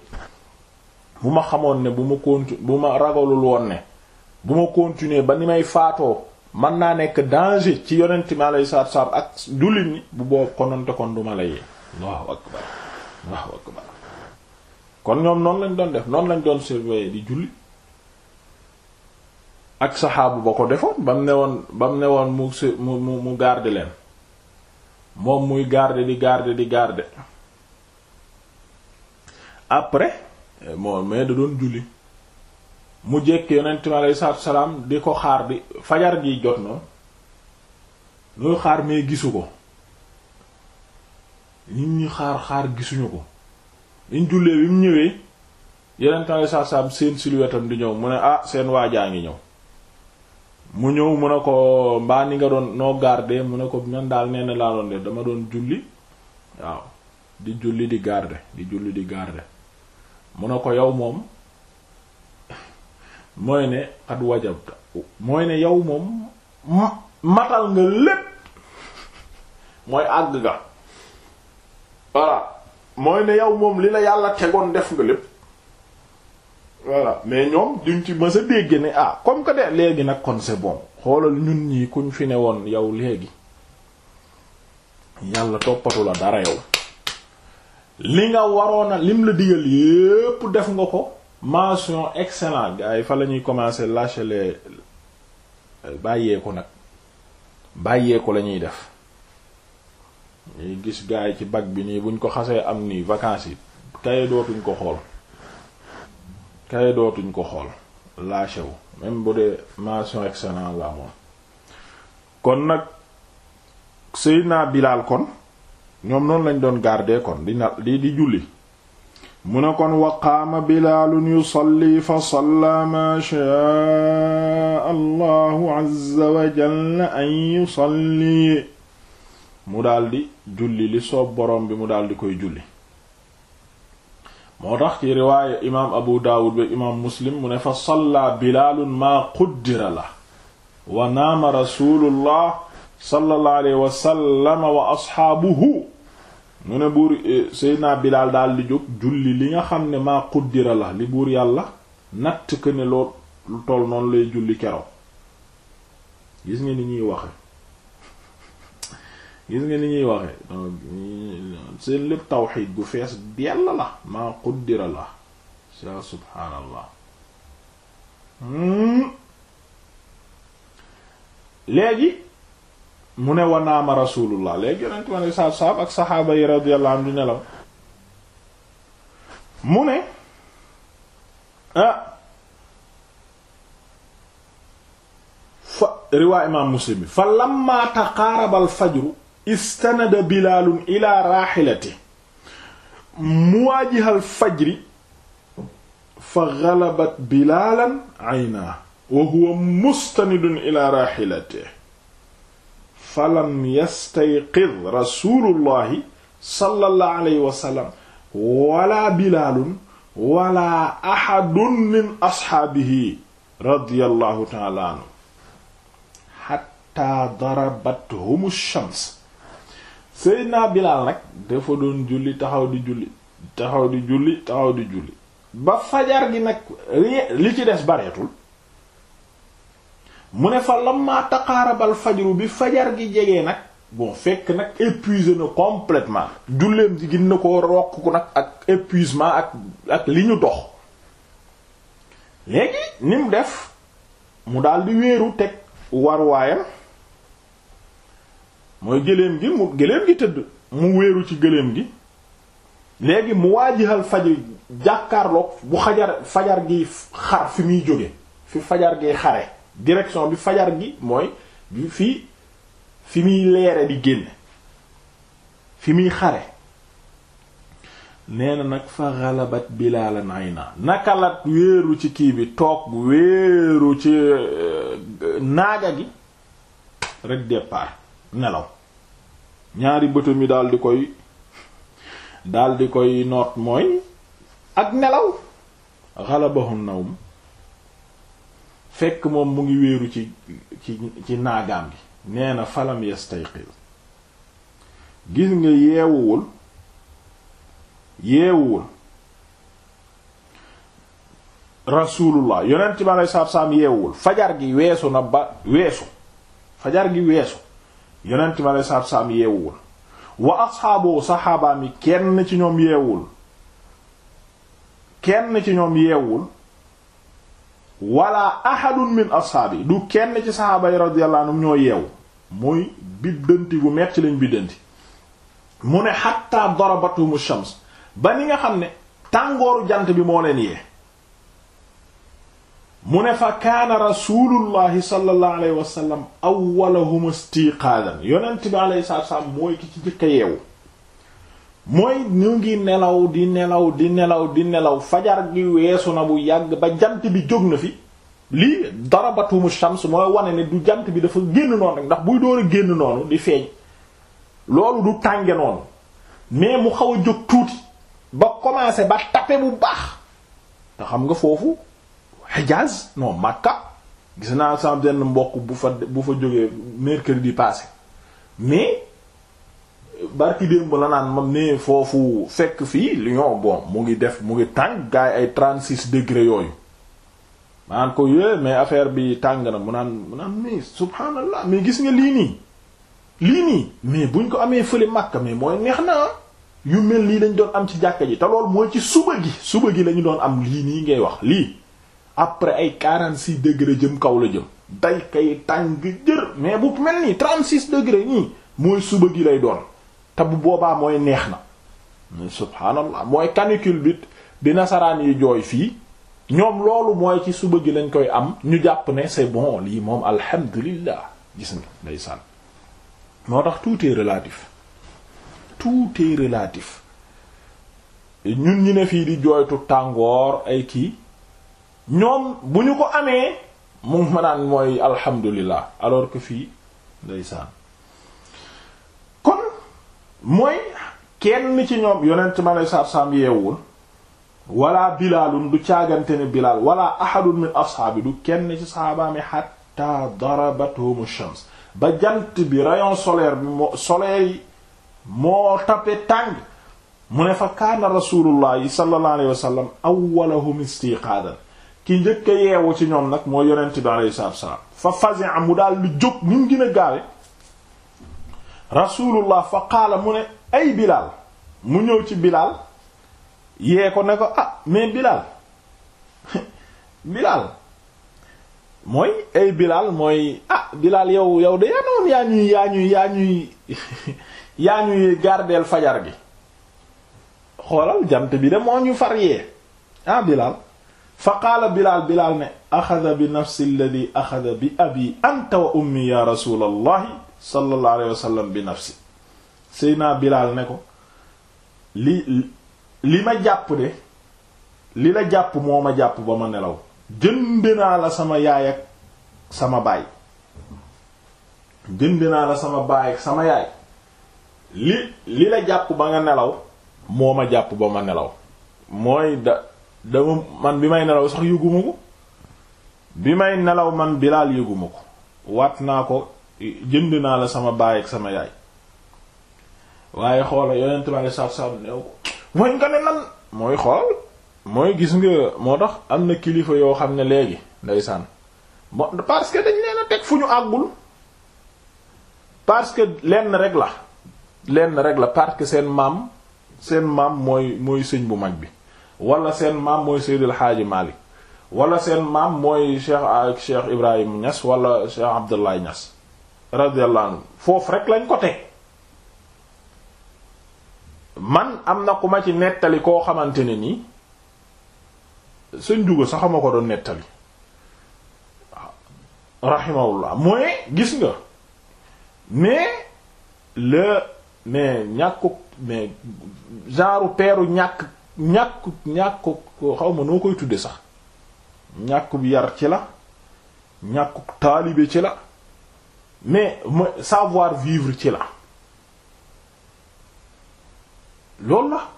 bu ma xamoon ne bu ma continu bu ma ragalul woon ne bu ma continuer ba ni may faatoo man naa nekk danger ci yonent mi alayhi salaatu wa ak jullit ñi bu boobu kononte kon du ma la yee allahu akbar allahu akbar kon ñoom noonu lañ doon def noonu lañ doon surveiller di julli ak saxaabu ba ko defoon ba mu ne woon ba mu ne woon mu mu mu garde leen moom muy garde di garde di garde après eh, moom mais da doon julli mu jekk yonent mi aleyhi salaam di ko xaar di fajar gi jot na looy xaar mais gisu ko nit ñi xaar xaar gisuñu ko liñ jullee bi mu ñëwee yonent mi aleyhi salaatu salaam seen silhouette di ñëw mu ne ah seen waajaa ngi ñëw mu ñëw mu ne ko mbaa ni nga doon noo garde mu ne ko man daal nee na laa doon de dama doon julli waaw di julli di garde di julli di garde mu ne ko yow moom mooy ne xat wajabta mooy ne yow moom matal nga lépp mooy àgg ga mooy ne yow moom li la yàlla tegoon def nga lépp voilà mais ñoom duñ ci mës a dégg ne ah comme que de léegi nag kon c'est bon xoolal ñun ñii kuñ fi ne woon yow léegi yàlla toppatu la dara yow li nga waroona lim la digal yépp def nga ko mention excellente gars fa la ñuy commencer lâcher les euh, bàyyeeku nag bàyyeeku la ñuy def ñuy gis gars ci bac bi nii buñ ko xasee am ni vacances yi kaye dootuñ ko xool kay dootuñ ko xool lâché wu bu dee mention excellente la moom kon nag Seydina Bilaal kon ñoom noonu lañ doon garder kon di na di di julli mu ne kon wa qaama bilaalun yusalli fa salla maa shaa allahu azza wa jalla an yusalli mu daldi julli li soob borom bi mu daldi koy julli moo tax ci riwaaya imaam abu daawud ba imaam muslim mu ne fa salla bilaalun maa quddira la wa naama rasulullah sallallahu alayhi wa sallam wa asxaabuhu mu ne buur eh, seydna bilaal daal di jóg julli li nga xam ne maa quddira la li buur yàlla natt ko ne lu toll noonu lay julli keroog gis nga ni ñuy waxe gis nga ni ñuy waxee seen lépp tawxid gu fees dell la maa quddira la subhaanallah hmm. léegi mu ne wanaama rasulullah léegi yonent ma ne saab saab ak saxaaba yi radiyallahu nelaw mu ne ah, fa riwaay imaam muslim bi fa lamma taqaaraba al fajru istanada bilaalun ila raaxilati muwaajihal fajri fa galabat bilaalan aynaa wa huwa mustanidun ila raaxilati falam yastayqid rasulullahi sallallahu alayhi wa sallam wala bilaalun wala axadun min asxaabihi radiyallahu taala anhu xatta darabathum shams Seydina Bilaal nag dafa doon julli taxaw di julli taxaw di julli taxaw di julli ba fajar gi nag li ci des bareetul mu ne fa lamma taqaarabal fajru bi fajar gi jege nag bon fekk nag épuisé na completement julleem ji gën na ko rokk nag ak épuisement ak ak li ñu dox léegi ni def mu daldi wéeru teg war mooy gëléem gi mu gëléem gi tëdd mu wéeru ci gëléem gi léegi mu waajihal fajr jàkkaarloog bu xajar fajar gi xar fi muy jóge fi fajar gi xare direction bi fajar gi mooy bi fii fi muy leere di génn fi muy xare nee nag fa xalabat bilaalan ay naka nakalat wéeru ci kii bi toog wéeru ci euh, naaga gi rek départ nelaw ñaari bëtam yi daldi koy daal koy noot mooy ak nelaw xalabahu nawm fekk moom mu ngi wéeru ci ci ci gi nee na falam yastayqiz gis nga yeewuwul yeewuwul rasulullah yonent bi alei satu salaam yeewuwul fajar gi weesu na ba weesu fajar gi weesu yonent bi alei satu salaam yeewul wa asxaaboo saxaabaam yi kenn ci ñoom yeewul kenn ci ñoom yeewul wala ahadun min asxaabi du kenn ci saxaaba yi radiyallahu anhum ñoo yeewu mooy biddanti gu metti lañ biddanti mu ne xatta darabatuhum shams ba ni nga xam ne tàngooru jant bi moo leen yee mu ne fa kaana rasulullahi sallallahu alayhi wa sallam awwalahum istiqaadan yonent bi alayhi salaatu salaam mooy ki ci jëkk yeewu mooy ñu ngi nelaw di nelaw di nelaw di nelaw fajar gi weesu na bu yàgg ba jant bi jóg na fi lii darabatumu shams mooy wane ne du jant bi dafa génn noonu rek ndax buy door a génn noonu di feeñ loolu du tànge noonu mais mu xaw a jóg tuuti ba commencé ba tape bu baax te xam nga foofu Hijaz non Makka gis naa sama benn mbokk bu fa bu fa jógee mercredi passé mais barki démb la naan ma ne foofu fekk fii Lyon bon mu ngi def mu ngi tàng gaay ay 36 degré yooyu maanaan ko yooyu mais affaire bi tàng na mu naan mu naan mais subhanallah mais gis nga lii nii lii nii mais buñ ko amee fële Makka mais mooy neex na ah. yu mel lii lañ doon am ci jàkka ji te lool mooy ci suba gi suba gi lañu doon am lii nii ngay wax lii après ay 46 degré jëm kaw la jëm day kay tàng jër mais bu mel nii 36 degré ñii mooy suba gi lay doon te bu boobaa mooy neex na mais subhaanallah mooy canicule bi di nasaraan yi jooy fii ñoom loolu mooy ci suba gi lañ koy am ñu jàpp ne c'est bon lii moom alhamdulillah gis nga ndeysaan moo tax tout est relatif tout relatif ñun ñi ne fii di jooytu tàngoor ay kii ñoom bu ñu ko amee mu ma mooy alhamdulilah alors que fii ndeysaan kon mooy kenn ci ñoom yonent ma lay sarsam yeewul wala bilaalun du caagante ne bilaal wala ahadun min ashaabi du kenn ci saxaabaami hatta darabatuhum shams ba jant bi rayon solaire bi moo soleil moo tape tàng mu ne fa kaana rasulullahi sallallahu alayhi awwalahum istiqaadan ki njëkk a yeewu ci ñoom nag moo yonent bi alayhi salaatu wasalaam fa fazi'a mu daal lu jóg ni mu gën a gaawe rasulullah fa qaala mu ne ay bilaal mu ñëw ci bilaal yee ko ne ko ah mais bilaal bilaal mooy ay bilaal mooy ah bilaal yow yow de yaa noonu yaa ñuy yaa ñuy yaa ñuy yaa ñuy gardeel fajar gi xoolal jant bi de moo ñu far yee ah bilaal fa qaala bilaal bilaal ne axada bi nafsi alladi bi abi anta wa ummi ya rasul allahi bi nafsi seydna bilaal ne ko li li ma jàpp de li la jàpp moo ma jàpp ba ma nelaw jënd naa la sama yaay ak sama baay jënd naa la sama baay ak sama yaay li li la jàpp ba nga nelaw moo ma jàpp ba ma nelaw mooy da dama man bi may nelaw sax yëguma ko bi may nelaw man bilaal yëguma ko waat naa ko jënd naa la sama baay ak sama yaay waaye xoola yonent bi alei satu salaam neew ko mooy nga ne nan mooy xool mooy gis nga moo tax am na kilifa yoo xam ne léegi ndeysaan bon parce que dañ leen a teg fu ñu àggul parce que lenn rek la lenn rek la parce seen maam seen maam mooy mooy sëñ bu mag bi wala seen maam mooy Seydil Xaaji Malik wala seen maam mooy Cheikh ak ah, Cheikh Ibrahim Niass wala Cheikh Abdoulaye Niass radiyallahu anhu foofu rek lañ ko teg man am na ku ma ci nettali koo xamante ne nii sëñ Duga sax ko doon nettali rahimahullah mooy gis nga mais le mais ñàkku mais genre peeru ñàkk ñàkkub ñàkkub xaw ma noo koy tudde sax ñàkkub yar ci la ñàkkub taalibe ci la mais savoir vivre ci la loolu la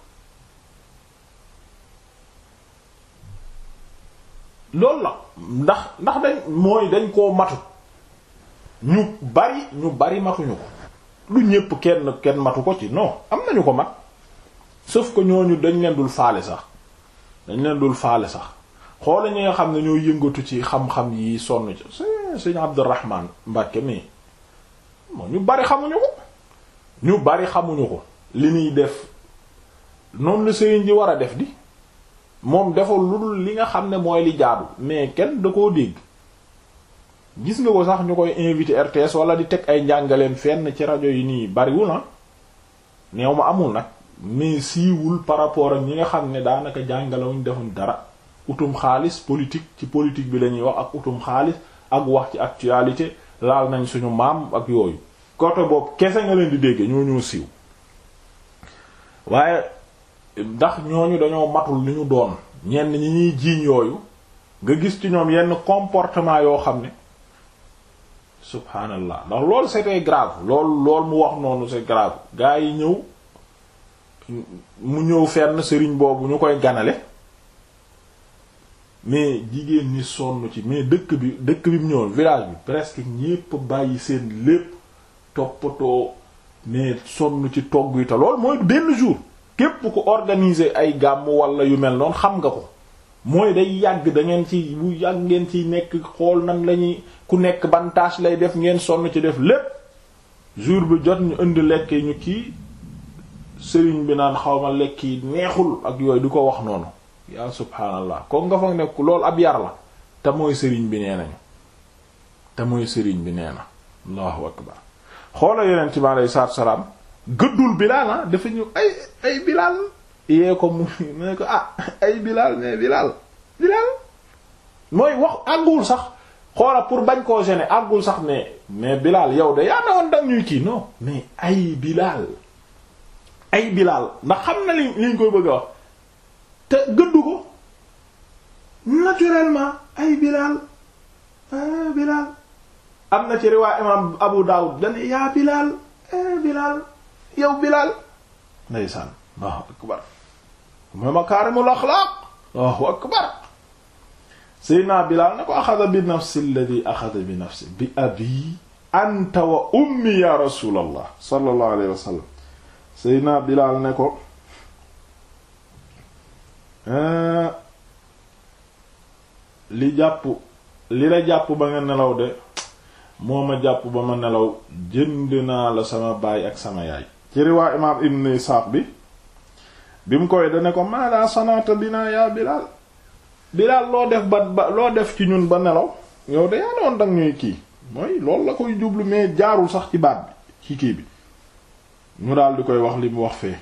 loolu la ndax ndax dañ mooy dañ koo matu ñu bari ñu bari matuñu ko lu ñépp kenn kenn matu ko ci non am ñu ko mat sauf que ñooñu dañ leen dul faale sax dañ leen dul faale sax xoola ñi nga xam ne ñoo yëngatu ci xam-xam yi sonn ci sëñ Abdourahman Mbàkke mi moo ñu bari xamuñu ko ñu bari xamuñu ko li muy def noonu la sëriñ ji war a def di moom deful lu dul li nga xam ne mooy li jaadu mais kenn da koo dégg gis nga ko sax ñu koy invité RTS wala di teg ay njàngaleem fenn ci rajo yi nii bariwul na ah. neew ma amul nag mais siiwul par rapport ak ñi nga xam ne daanaka jàngalewuñ defuñ dara utum xaalis politique ci politique bi lañuy wax ak utum xaalis ak wax ci actualité laal nañ suñu maam ak yooyu côté boobu kese nga leen di dégg ñoo ñoo siiw waaye ndax ñooñu dañoo matul li ñu doon ñenn ñi ñuy jiiñ yooyu nga gis ci ñoom yenn comportement yoo xam ne subhaanallah ndax lool c'était grave loolu lool mu wax noonu c'est grave gaa yi ñëw mu ñëw fenn sëriñ boobu ñu koy ganale mais jigéen ñi sonn ci mais dëkk bi dëkk bi mu ñëwoon village bi presque ñépp bàyyi seen lépp toppatoo mais sonn ci togg yi tolool lool mooy benn jour képp ko organiser ay gàmm walla yu mel noonu xam nga ko mooy day yàgg dangeen ci bu yàgg ngeen ci nekk xool nan lañuy ku nekk ban lay def ngeen sonn ci def lépp jour bi jot ñu indi lekk ñu kii sëriñ bi naan xaw ma lekk yi neexul ak yooyu di ko wax noonu yaa subhaanallah ko nga fa nekk loolu ab yar la te mooy sëriñ bi nee te mooy sëriñ bi nee na allahu akbar xoola yonent bi aleyhi salaam gëddul bilaala ah, dafa ay ay bilaal yee ko mu ne ko ah ay bilaal mais bilaal bilaal mooy wax àggul sax xoola pour bañ koo gêner àggul sax mais mais bilaal yow de yaa ne woon dang ñuy kii non mais ay bilaal ay bilaal ndax xam na li liñ koy bëgg a wax te gëddu ko naturellement ay bilaal ah bilaal am na ci riwaay imam Abu Dawud dane yaa bilaal eh bilaal yow bilaal ndeysaan Allahu akbar mooy makaarimul axlaaq Allahu akbar Seydina bilaal na ko axada bi nafsi alladhi axada bi nafsi bi abi anta wa ummi ya rasulallah sallallahu alayhi wa sallam Seydina Bilaal ne ko eh, li jàpp li la jàpp ba nga nelaw de moo ma jàpp ba ma nelaw jënd naa la sama baay ak sama yaay ci riwaa imaam Ibn Isaaq bi bi mu koy da ne ko maada sanaata binaa yaa Bilaal Bilaal loo def ba ba loo def ci ñun ba nelaw yow de yaa woon dang ñuy kii mooy loolu la koy jublu mais jaarul sax ci baat bi ci kii bi ñu daal di koy wax li mu wax fee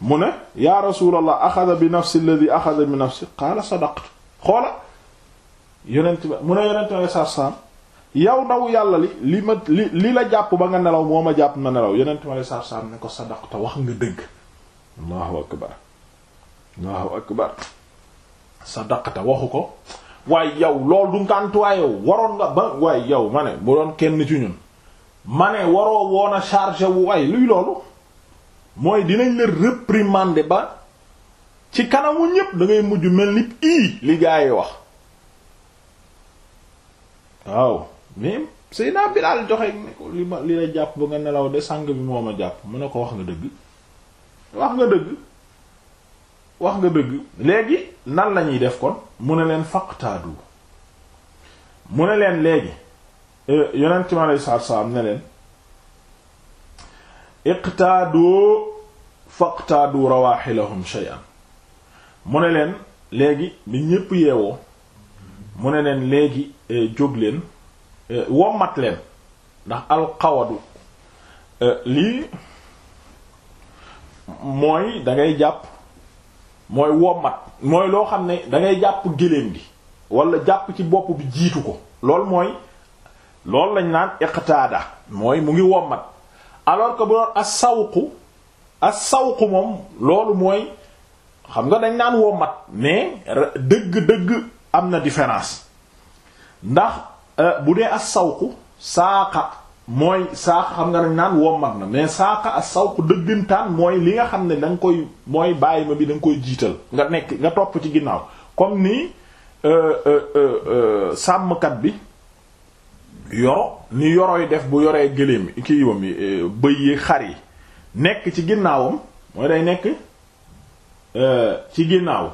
mu ne yaa rasulallah axada bi nafsi alladhi axada bi nafsi qaala sadaqta xoola yonent ba mu ne yonent ba yow ndaw yàlla li li ma li li la jàpp ba nga nelaw moo ma jàpp na nelaw yonent ba sarsam ne ko sadaqta wax nga dëgg allahu akbar allahu akbar sadaqta waxu ko waaye yow loolu du ngàntuwaayow waroon nga ba waaye yow ma ne bu doon kenn ci ñun ma ne waroo woon a chargé wu way luy loolu mooy dinañ la réprimander ba ci kanamu ñépp dangay mujj mel nit ii li gaa yi wax waaw mais say naa bilaal joxe ne ko li ma li la jàpp ba nga nelaw de sàng bi moo ma jàpp mu ne ko wax nga dëgg wax nga dëgg wax nga dëgg léegi nan lañuy def kon mu ne leen faqtaadu mu ne leen léegi Eh, yonent mi aleyhi am salaam ne leen iqtaadu faqtaadu rawaxilahum shay'an mu ne leen léegi bi ñépp yeewoo mu ne leen léegi eh, jóg leen eh, wommat leen ndax alqawadu lii mooy dangay jàpp mooy wommat mooy loo xam ne dangay jàpp géléem gi walla jàpp ci bopp bi jiitu ko loolu mooy loolu lañ naan iqtaada mooy mu ngi wommat alors que bu doon as-sawqu as-sawqu moom loolu mooy xam nga dañ naan wommat mais dëgg-dëgg am na différence ndax euh, bu dee as-sawqu saaka mooy saaqa xam nga dañ naan wommat na mais saaqa ak sawqu dëggantaan mooy li nga xam ne da koy mooy bàyyi ma bi da koy jiital nga nekk nga topp ci ginnaaw comme ni euh, euh, sàmmkat bi yoro ni yoroy def bu yoree gëléem kiiwam eh, bëy yi xar yi nekk ci ginnaawam mooy day nekk eh, ci ginnaaw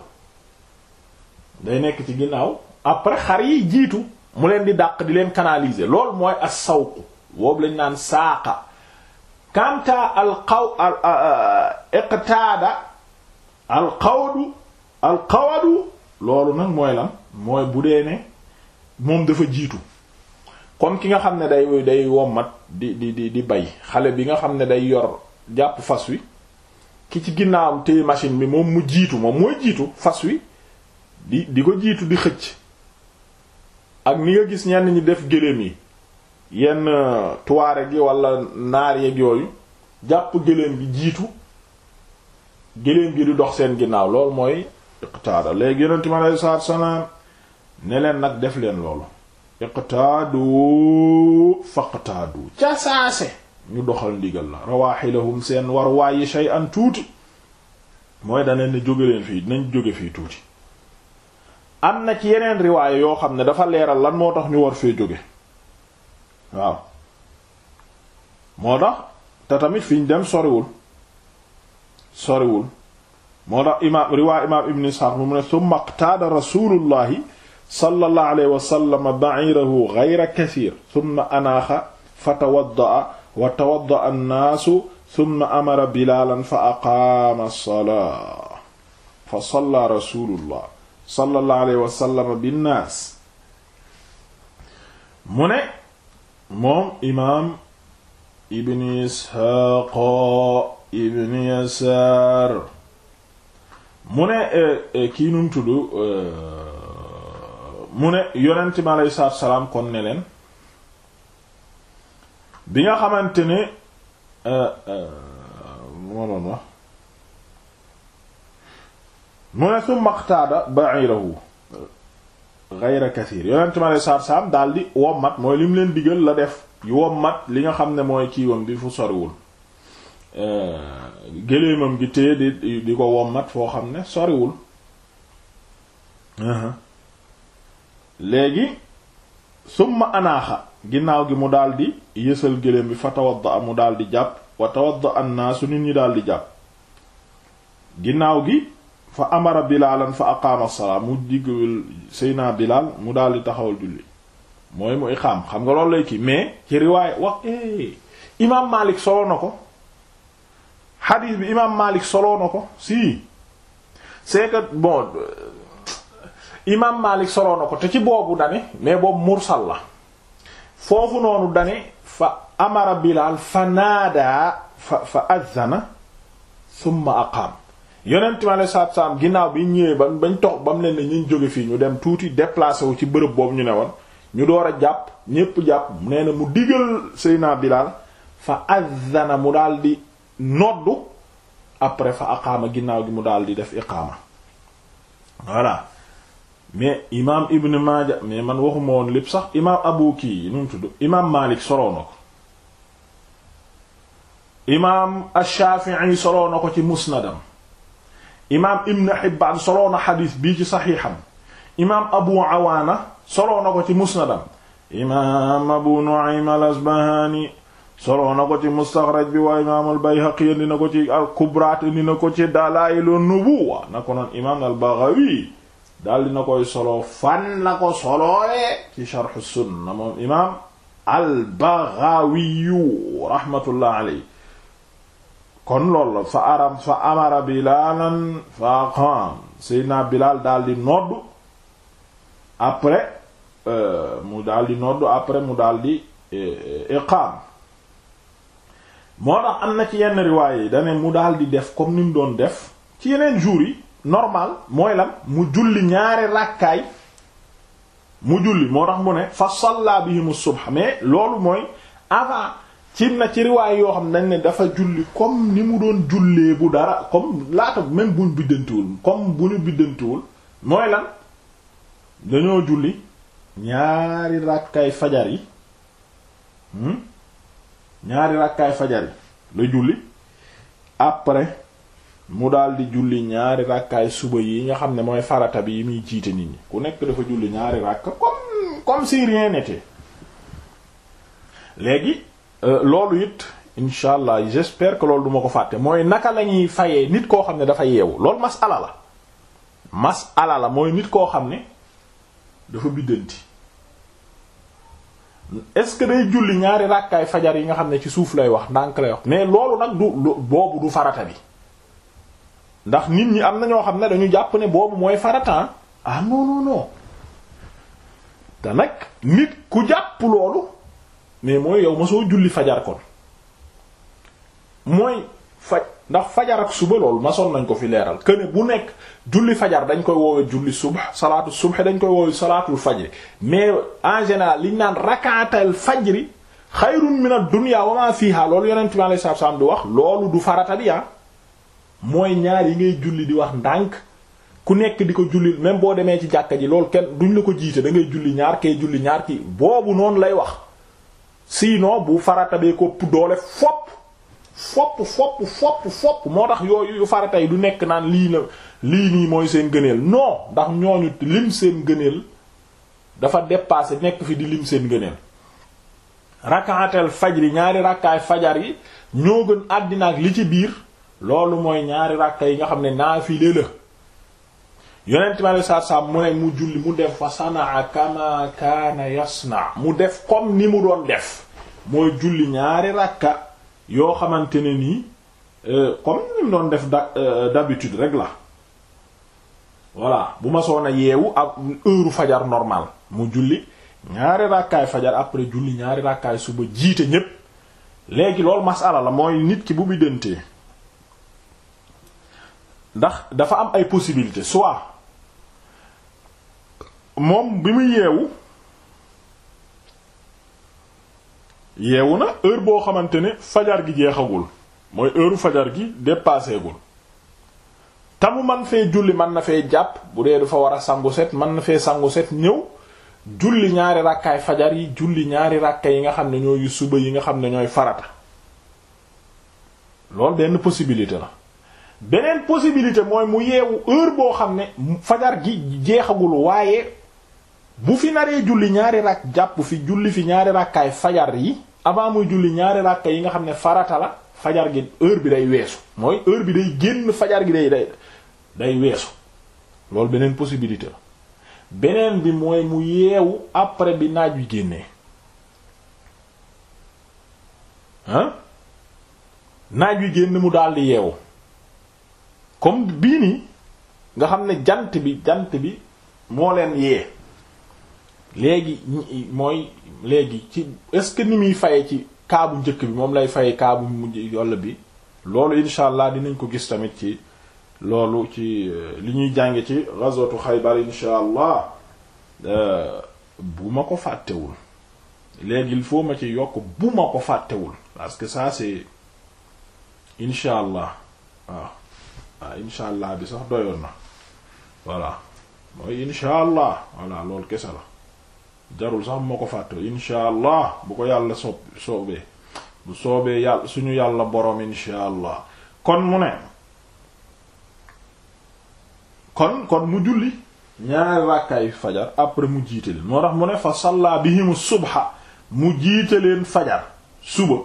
day nekk ci ginnaaw après xar yi jiitu mu leen di dàq di leen kanalise lool mooy as sawq boobu lañ naan saaqa kanta al qaw al iqtaada al qawdu al qawadu loolu nag mooy lan mooy bu dee ne moom dafa jiitu kon ki nga xam ne day day wommat di di di bay xale bi nga xam ne day yor jàpp fas wi ki ci ginnaaw téye machine bi moom mu jiitu moom mooy jiitu fas wi di di ko jiitu di xëcc ak ni nga gis ñenn ñi def gëléem yi yenn euh, tuwaare gi walla naar yeeg yooyu jàpp gëléem gi jiitu gëléem gi du dox seen ginnaaw loolu mooy iqtaada léegi yonent mi aleyhi salaatu wa salaam ne leen nag def leen loolu iqtaadu faqtaadu ca saase ñu doxal ndigal la rawaxilahum seen war waayi shay'an tuuti mooy dane ne jóge leen fii nañ jóge fii tuuti am na ci yeneen riwaaya yoo xam ne dafa leeral lan moo tax ñu war fee jóge waaw moo tax te tamit fi dem sorewul soriwul moo tax imaam riwaaya imaam ibn Isxaaq mu ne summa iqtaada rasuulullahi sallallahu alayhi wa sallam ba'irahu ghayra kathir thumma anaaxa fa tawadda'a wa tawadda'a an-naasu thumma amara bilaalan fa aqaama as-salaa fa salla rasulullah sallallahu alayhi wa sallam binnaas mu ne moom imaam ibni isxaaqa ibni yasaar mu ne eh, eh, kii num tudd eh, mu ne yonent mi aleyhi salaatu salaam kon ne leen bi nga xamante ne euh, euh, moo doon wax mu ne summa xtaada ba'irahu ghayra kathir yonent mi aleyhi salaatu salaam daal di wommat mooy li mu leen digal la def wommat li nga xam ne mooy kiiwam bi fu soriwul euh, géléemam gi téye di di ko wommat foo xam ne soriwul léegi summa anaaxa ginnaaw gi mu daldi yësal gëléem bi fa tawadda a mu daldi jàpp wa tawadda su nit ñi daldi jàpp ginnaaw gi fa amara bilaalan fa aqaama salaa mu digul seyna bilaal mu daldi taxawal julli mooy mu iqaam xam nga loolu lay ki mais ci riwaaya wax eh, imaam Maalik solo na ko xadiis bi imaam Maalik solo na ko si c'est que imaam Maalik soloo na ko te ci boobu dane mais boobu mursal la foofu noonu dane fa amara Bilaal fa naadaa fa fa azzana summa aqaam yonent mi alei salaatu ginnaaw bi ñëwee ba bañ tox ba mu ne ñu jóge fii ñu dem tuuti déplacé wu ci bërëb boobu ñu ne woon ñu door a jàpp ñépp jàpp nee na mu digal Seydina Bilaal fa azzana mu daal di noddu après fa aqaama ginnaaw gi mu daal di def iqaama voilà mais imaam man waxuma lépp sax imaam Abu kii nu mu tudd imaam Maalik soloo na ko imaam ash ci musnadam imaam Ibn Hibbaan soloo ci saxiixam imaam Abu Awaana soloo na ko ci musnadam imaam Abu Nu'aym al-Asbahaani soloo na ko ci bi waa imaam al-Bayhaqi al-Kubraa indi na ko ci Dalaa'il imaam al-Baghawi daal dina koy solo fan la ko solooyee ci sharh sunna moom imaam al-Baghawiyu rahmatullah alayhi kon loolu la fa aram fa fa aqaam seydna bilal daal di nodd euh, après mu daal di nodd après mu daal di iqaam na ci yenn yi dane mu daal di def comme ni doon def ci yeneen jours normal mooy lan mu julli ñaari ràkkaay mu julli moo tax mu ne fa salla bihim subha mais loolu mooy avant ci na ci riwaay yoo xam nañ ne dafa julli comme ni mu doon jullee bu dara comme laata même buñ biddantiwul comme bu ñu biddantiwul mooy lan dañoo julli ñaari ràkkaay fajar hmm? ñaari ràkkaay fajar yi la julli après mu di julli ñaari ràkkaay suba yi nga xam ne mooy farata bi yi muy jiite nit ñi ku nekk dafa julli ñaari ràkk comme comme si léegi euh, loolu it incha allah j'espère que loolu ma ko fàtte mooy naka la ñuy fayee nit koo xam ne dafa yeewu loolu masala la masala la mooy nit koo xam ne dafa biddanti est-ce que day julli ñaari ràkkaay fajar yi nga xam ne ci suuf lay wax ndànk lay wax mais loolu nag du boobu du farata bi ndax nit ñi am na ñoo xam ne dañu jàpp ne boobu mooy faratan ah non non nag nit ku jàpp loolu mais mooy yow ma soo julli fajar kon mooy faj ndax fajar ak suba loolu masoon nañ ko fi leeral que ne bu nekk julli fajar dañ koy woowee julli suba salaatu subh dañ koy woowee salaatul fajri mais en général liñ naan faj rakaatal fajri xayrun na dunya wa ma fiha loolu yonent bi alayhi salaam di wax loolu du farata bi ah. mooy ñaar yi ngay julli di wax ndànk ku nekk di ko julli même boo demee ci jàkka ji lool kenn duñ la ko jiite da ngay julli ñaar kay julli ñaar ki boobu noonu lay wax sinon bu farata bee ko doole fopp fopp fopp fopp moo tax yooyu yu farata yi du nekk naan lii la nii mooy seen gëneel non ndax ñooñu lim seen gëneel dafa dépassé nekk fi di lim seen gëneel rakaatel fajri ñaari rakkaay fajar yi ñoo gën àddina ak li ci biir loolu mooy ñaari ràkka yi nga xam ne naafile la yonent ma saa saa mu ne mu julli mu def fa sanaa kama kaana yasna mu def comme ni mu doon def mooy julli ñaari ràkka yoo xamante ne nii euh, comme ni mu doon def da euh, d'habitude rek la voilà bu ma soon yeewu ak heure fajar normal mu julli ñaari ràkkaay fajar après julli ñaari ràkkaay suba jiite ñépp léegi loolu masala la mooy nit ki bu biddantee ndax dafa am ay possibilité soit moom bi muy yeewu yeewu na heure boo xamante ne fajar gi jeexagul mooy heure fajar gi dépassé gul man fee julli mën na fee jàpp bu dee fa war a sangu set mën na fee sangu set ñëw julli ñaari rakkaay fajar yi julli ñaari rakkaay yi nga xam ne ñooy suba yi nga xam ne ñooy farata loolu benn possibilité la beneen possibilité mooy mu yeewu heure boo xam ne fajar gi jeexagul waaye bu fi naree julli ñaari rak jàpp fi julli fi ñaari rakkaay fajar yi avant muy julli ñaari rakkaay yi nga xam ne farata la fajar gi heure bi day weesu mooy heure bi day génn fajar gi day day day weesu loolu beneen possibilité la beneen bi mooy mu yeewu après bi naaj wi génnee ah naaj wi génn mu daldi yeewu comme bii nii nga xam ne jant bi jant bi moo leen yee léegi mooy léegi ci est-ce que ni muy faye ci kaabu njëkk bi moom lay faye kaabu mujj yolla bi loolu insha allah dinañ ko gis tamit ci loolu ci euh, li ñuy jànge ci ghazwatu Xaybar insha allah euh, bu ma ko fàttewul léegil il faut ma ci yokk bu ma ko fàttewul parce que ça c'est insha allah waa ah insha allah bi sax doyoon na voilà mooy insha allah voilà loolu kese la jarul sax moo ko fàttoo insha allah bu ko yàlla soob soobee bu soobee yàlla suñu yàlla boroom insha allah kon mu ne kon kon mu julli ñaari ràkkaay fajar après mu jiite leen moo tax mu ne fa salla bihimu subha mu jiite leen fajar suba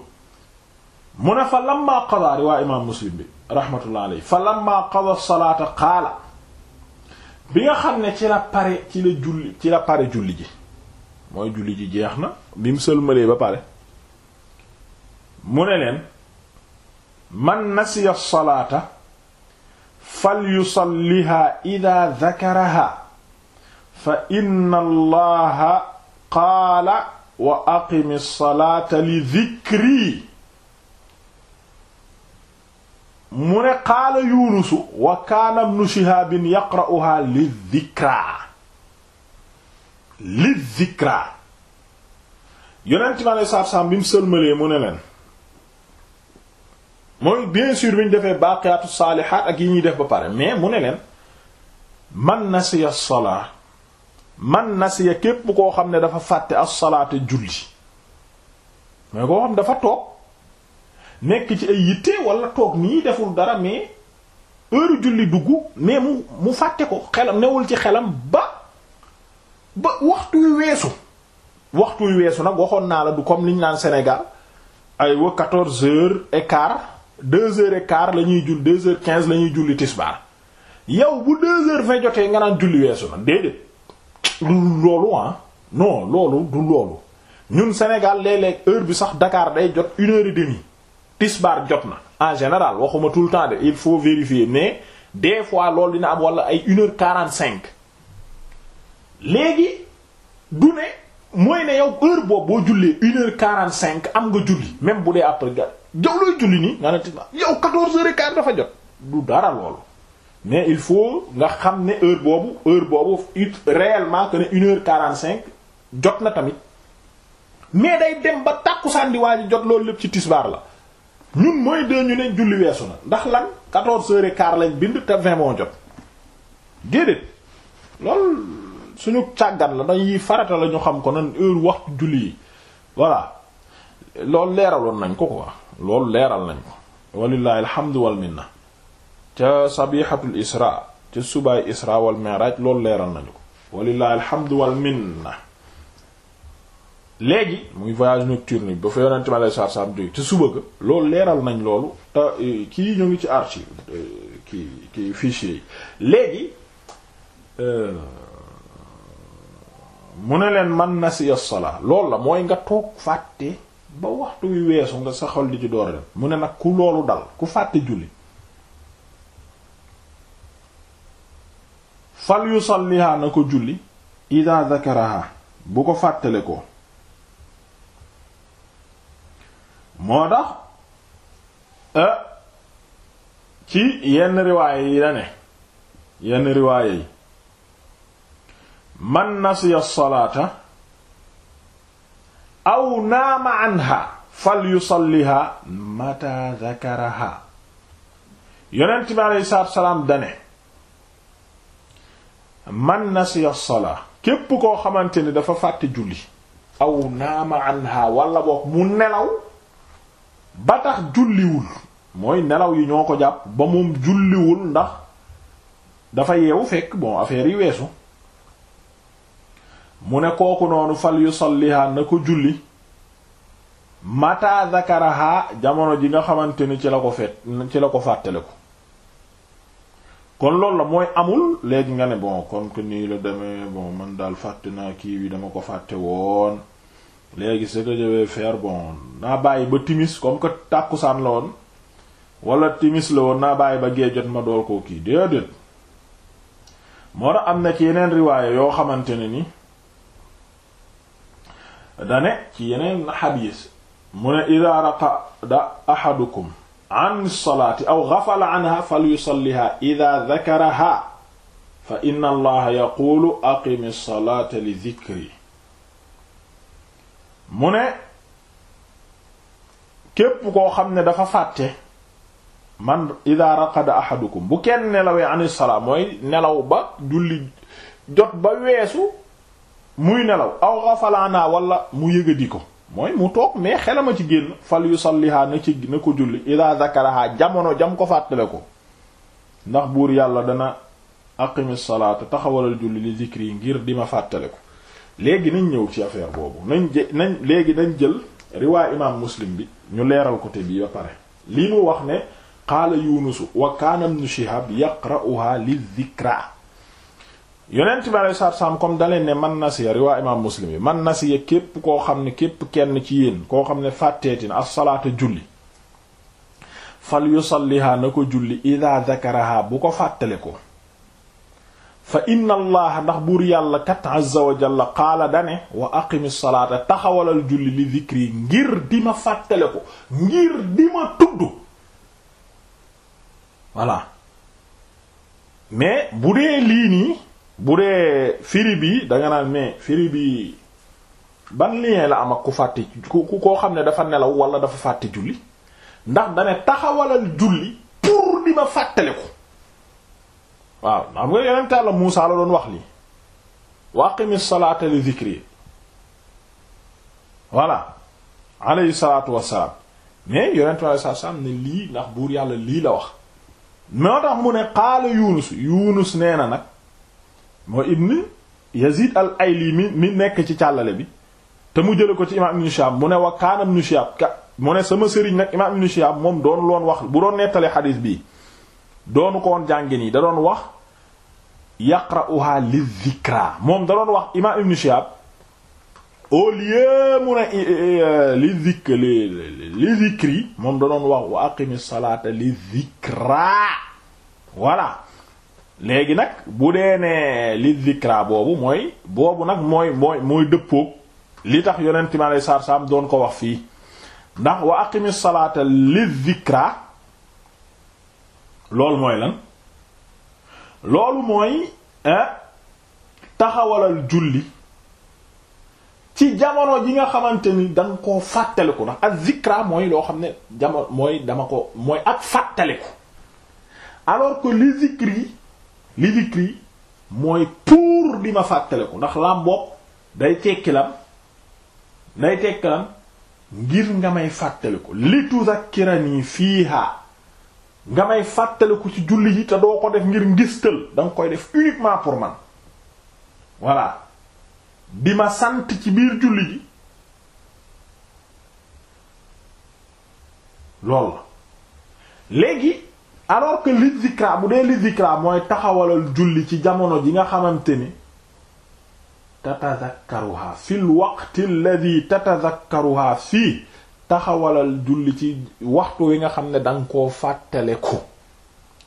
mu ne fa lamma qada riwaa imaam muslim bi rahmatullah alayhi fa lamma qada salaata qaala bi nga xam ne ci la pare ci la julli ci la pare julli ji mooy julli ji jeex na bi mu sëlmalee ba pare mu ne leen man nasiya salaata falyusalliha ida dakaraha fa inna allaha qaala wa aqimi salaata li dikri mu ne qaala yuunusu wa kaana ibnu shihaabin yaqra'uhaa li dhikraa li dhikraa yonent mi alei satu salaam bi mu sëlmalee mu ne leen mooy bien sûr bi ñu defee baaqiyaatu saalihaat ak yi ñuy def ba pare mais mu ne leen man nasiya salaa man nasiya képp koo xam ne dafa fàtte ak salaata julli mais koo xam dafa toog nekk ci ay yitte wala toog nii deful dara mais heure julli dugg mais mu mu fàtte ko xelam newul ci xelam ba ba waxtu weesu waxtu yu weesu nag waxoon naa la du comme liñ naan Sénégal ay wa quatorze heures et quart deux la ñuy jull deux heures la ñuy julli tisbaar yow bu deux heures jotee nga naan julli weesu na déedéet du loolu ah non loolu du loolu ñun Sénégal léeg-léeg heure bi sax dakaar day jot une heure tisbaar jot na en général waxuma tout le temps de il faut vérifier mais des fois loolu dina am wala ay une heure quarante cinq léegi du ne mooy ne yow heure boobu boo jullee une heure quarante cinq am nga julli même bu dee après ga yow nga ne tisbaar yow quatorze heures dafa jot du dara loolu mais il faut nga xam ne heure boobu heure boobu it réellement que ne une heure quarante cinq jot na tamit mais day dem ba tàkkusaan di waa ji jot loolu lépp ci tisbaar la ñun mooy deux ñu ne julli weesu na ndax lan quatorze heures et quart bind te vingt moo jot déedéet loolu suñu càggan la dañuy farata la ñu xam ko nan heure waxtu julli yi voilà loolu leeraloon nañ ko quoi loolu leeral nañ ko walillahi alhamdu wal minna ca sabihatul isra ca subaay isra wal mi'raj loolu leeral nañu ko walillahi alhamdu léegi muy voyage nocturne bi ba fa yonente mi alei satu salaam suba ga loolu leeral nañ loolu te euh, kii ñu ngi ci archive euh, kii kii fichier yi léegi euh, mu ne leen man nasiya salaa lool la mooy nga toog fàtte ba waxtu wi weesu nga sa di ci door dem mu ne nag ku loolu dal ku fàtte julli fal yusalliha na ko julli ida zakaraha bu ko fàttale ko moo tax euh, ci yenn riwaaye yi la ne yenn riwaaye yi man nasiya salaata aw naama anha fal yusalliha mata dakaraha yonent bi aleyhi salaatu salaam dane man nasiya salaa képp koo xamante ni dafa fàtte julli aw naama anha walla boog mu nelaw ba tax julliwul mooy nelaw yi ñoo ko jàpp ba mu julliwul ndax dafa yeewu fekk bon affaire yi weesu mu ne kooku noonu fal yu yusalliha na ko julli mata zakaraha jamono ji nga xamante ni ci la ko fet ci la ko fàttale ko kon loolu la mooy amul léegi nga ne bon kon que nii la demee bon man daal fàtte naa kii yi dama ko fàtte woon léegi ce que je bon naa bàyyi ba timis comme que tàkkusaan la woon wala timis la woon naa bàyyi ba gee jot ma door koo kii déedéet moo tax am na ci yeneen riwaaya yoo xamante ne ni dane ci yeneen xadiis mu ne ida raqada ahadukum an salaati aw gafala anha fa inna allaha yaqulu aqimi salata li dhikri mu ne képp koo xam ne dafa fàtte man ida raqada ahadukum bu kenn nelawee anis salaa mooy nelaw ba julli jot ba weesu muy nelaw aw xafalaanaa wala mu yëgadi ko mooy mu toog mais xelama ci génn fal yu yusalliha na ci na ko julli ida zakaraha jamono jam ko fàttale ko ndax buur yàlla dana aqimis salaata taxawalal julli li zikri ngir di ma fàttale ko léegi nañ ñëw ci affaire boobu nañ léegi nañ jël riwaay imaam muslim bi ñu leeral côté bii ba pare lii mu wax ne xaala yunusu wa kaana ibnu shihab yaqra'uha lidhikra yonent bi alei satu salaam comme daleen ne man nasiya riwaa imaam muslim bi man képp koo xam ne képp kenn ci yéen koo xam ne fàtteetin as-salaata julli fal yusalliha na ko julli ida dakaraha bu ko fàttale ko fa inna allaha ndax buur yàlla kat azza wa jalla qaala dane wa aqimi salaata taxawalal julli li dikri ngir di ma fàttale ko ngir di ma tudd voilà mais bu dee lii nii bu dee firi bi danga naan mais firi bi ban lien la am ak ku fàtte ku koo xam ne dafa nelaw wala dafa fàtte julli ndax dane taxawalal julli pour di ma fàttale ko waaw xam nga yonent Yàlla Muusaa la doon wax lii wa aqimi solaatali li zikri voilà alayhi salaatu wassalaam mais yonent Yàlla saa saam ne lii ndax buur yàlla lii la wax moo tax mu ne qaala Yunus Yunus nee na nag moo ibn Yazid al Ayli mi mi nekk ci càllale bi te mu jële ko ci imaam Ibn mu ne wa kaana Ibn Shihab ka mu ne sama sëriñ nag imaam Ibn moom doon loon wax bu doon nettale xadiis bii doonu ko woon jàngi nii da doon wax yaqra'uha lizikra moom da doon wax imam ibn Shihab au lieu mu ne euh, li zikri moom da doon wax wa aqimi salata li zikra voilà léegi nag bu dee ne li zikra boobu mooy boobu nag mooy mooy mooy dëppoog li tax yonent mi alei doon ko wax fii ndax wa aqimi salata li zikra loolu mooy lan loolu mooy taxawalal julli ci jamono ji nga xamante ni danga koo fàttaliku ndax ak zikra mooy loo xam ne jamono mooy dama ko mooy ak fàttaliku alors que li zikri li mooy pour di ma fàttaliku ndax lam bopp day tekki lam day tekki ngir nga may fàttaliku li tuzakkirani fiiha nga may fàttaliku ci julli ji te doo ko def ngir ngistal da nga koy def uniquement pour man voilà di ma sant ci biir julli ji loolu la léegi alors que li bu dee li mooy taxawalal julli ci jamono ji nga xamante ni tatazakkaruha fil waqti alladhi tatazakkaruha fii taxawalal julli ci waxtu wi nga xam ne danga koo fàttaleku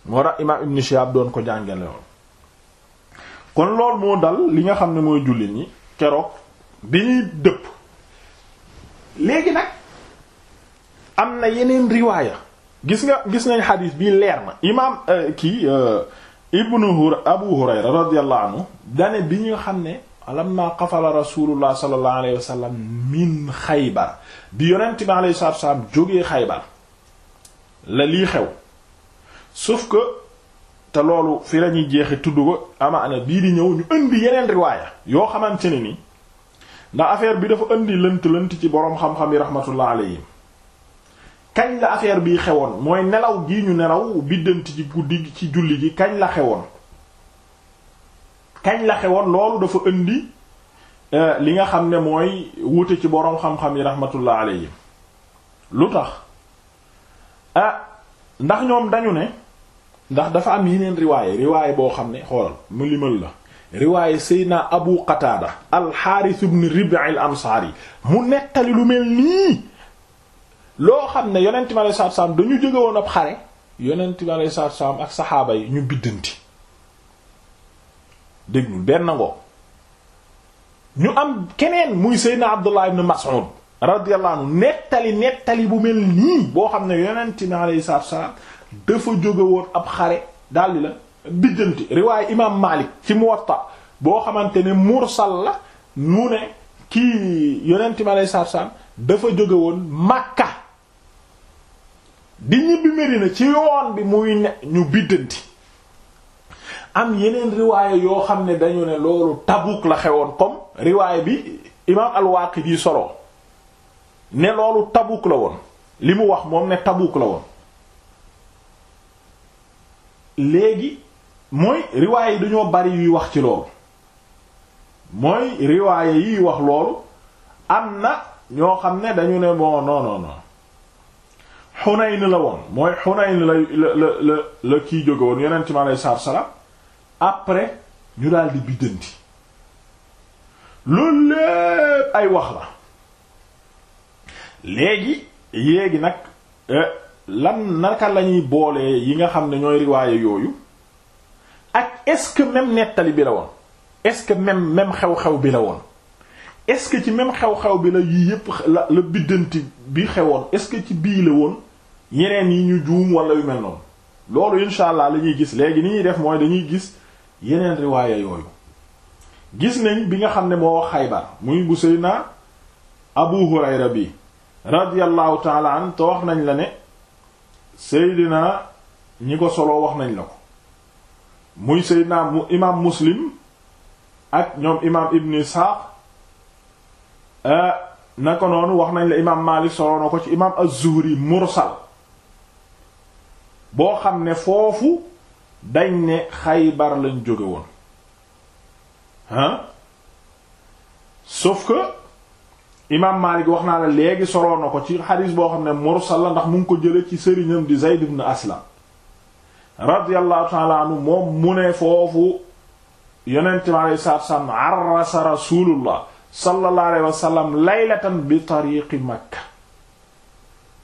moo tax imaam Ibn Shihab doon ko jàngale woon kon loolu moo dal li nga xam ne mooy julli ñi keroog bi ñuy dëpp léegi nag am na yeneen riwaaya gis nga gis nañ xadiis bi leer na imaam euh, kii euh, ibnu hur abu hurayra radiyallahu anhu dane bi ñu xam ne alam ma qafala rasulullah sallallahu alayhi wasallam min xaybar bi yonent bi alayhi salaatu salaam jógee Xaybar la lii xew sauf que te loolu fi lañuy jeexe tudd ko ama ana bii di ñëw ñu indi yeneen riwaaya yoo xamante ne ni ndax affaire bi dafa indi lënt lënt ci boroom xam-xam yi rahmatullah alayhim kañ la affaire bi xewoon mooy nelaw gii ñu nelaw biddanti ci guddi ci julli gi kañ la xewoon kañ la xewoon loolu dafa indi Euh, li nga xam ne mooy wuute ci boroom xam-xam yi rahmatullah alayhim lu tax a ah, ndax ñoom dañu ne ndax dafa am yeneen riwaaye riwaaye boo xam ne xoolal mu limal la riwaaye Seydina Abu Qataada al-Haaris ibn Rib'i al mu nettali lu mel nii loo xam ne yonent mi alayhi salaatu salaam dañu jóge ab xare yonent mi alayhi salaatu salaam ak saxaaba yi ñu biddanti déglul benn ngoo ñu am keneen muy Seydina Abdullah ibn Mas'ud radiyallahu anhu nettali nettali bu mel nii boo xam ne yonent mi alayhi salaatu dafa jóge woon ab xare daldi la biddanti riwaayu imaam Maalik ci Muwatta boo xamante ne mursal la mu ne kii yonent mi alayhi salaatu dafa jóge woon Makka di ñibbi Medina ci yoon bi muy ne ñu biddanti am yeneen riwaay yoo xam ne dañu ne loolu Tabuk la xewoon comme riwaay bi imaam al-Waaqidi solo ne loolu Tabuk la woon li mu wax moom ne Tabuk la woon léegi mooy riwaay yi dañoo bari yuy wax ci loolu mooy riwaay yiy wax loolu am na ñoo xam ne dañu ne bon non non la woon mooy Hunayn la la la la kii jóge woon yeneen mi alayhi salaatu salaam après ñu daal di biddanti loolu lépp ay wax la léegi yéegi nag euh, lan naka lañuy boole yi nga xam ne ñooy riwaaye yooyu ak est-ce que même nettali bi la woon est-ce que même même xew-xew bi la woon est-ce que ci même xew-xew bi la yii yépp la la biddanti bi xewoon est-ce que ci bii la woon yeneen yi ñu juum wala yu mel noonu loolu incha allah la ñuy gis léegi ni ñuy def mooy dañuy gis yeneen riwaaya yooyu gis nañ bi nga xam ne moo wax xaybar muy bu Seydina Abu Hurayra bi radiyallahu taala an te wax nañ la ne Seydina ñi ko solo wax nañ la ko muy Seydina mu imaam Muslim ak ñoom imaam Ibn Isxaaq eh, naka noonu wax nañ la imaam Maalik solo na ko ci imaam az mursal boo xam ne foofu dañ ne Xaybar lañ jóge woon ah sauf que imaam Maalik wax naa la léegi soloo na ko ci xadiis boo xam ne mursal la ndax mu ko jële ci sëriñam di Zayd ibn Aslam radiyallahu ta'ala anhu moom mu ne foofu yonent mi alayhi arrasa rasulullah sallallahu alayhi wa laylatan bi tariqi Makka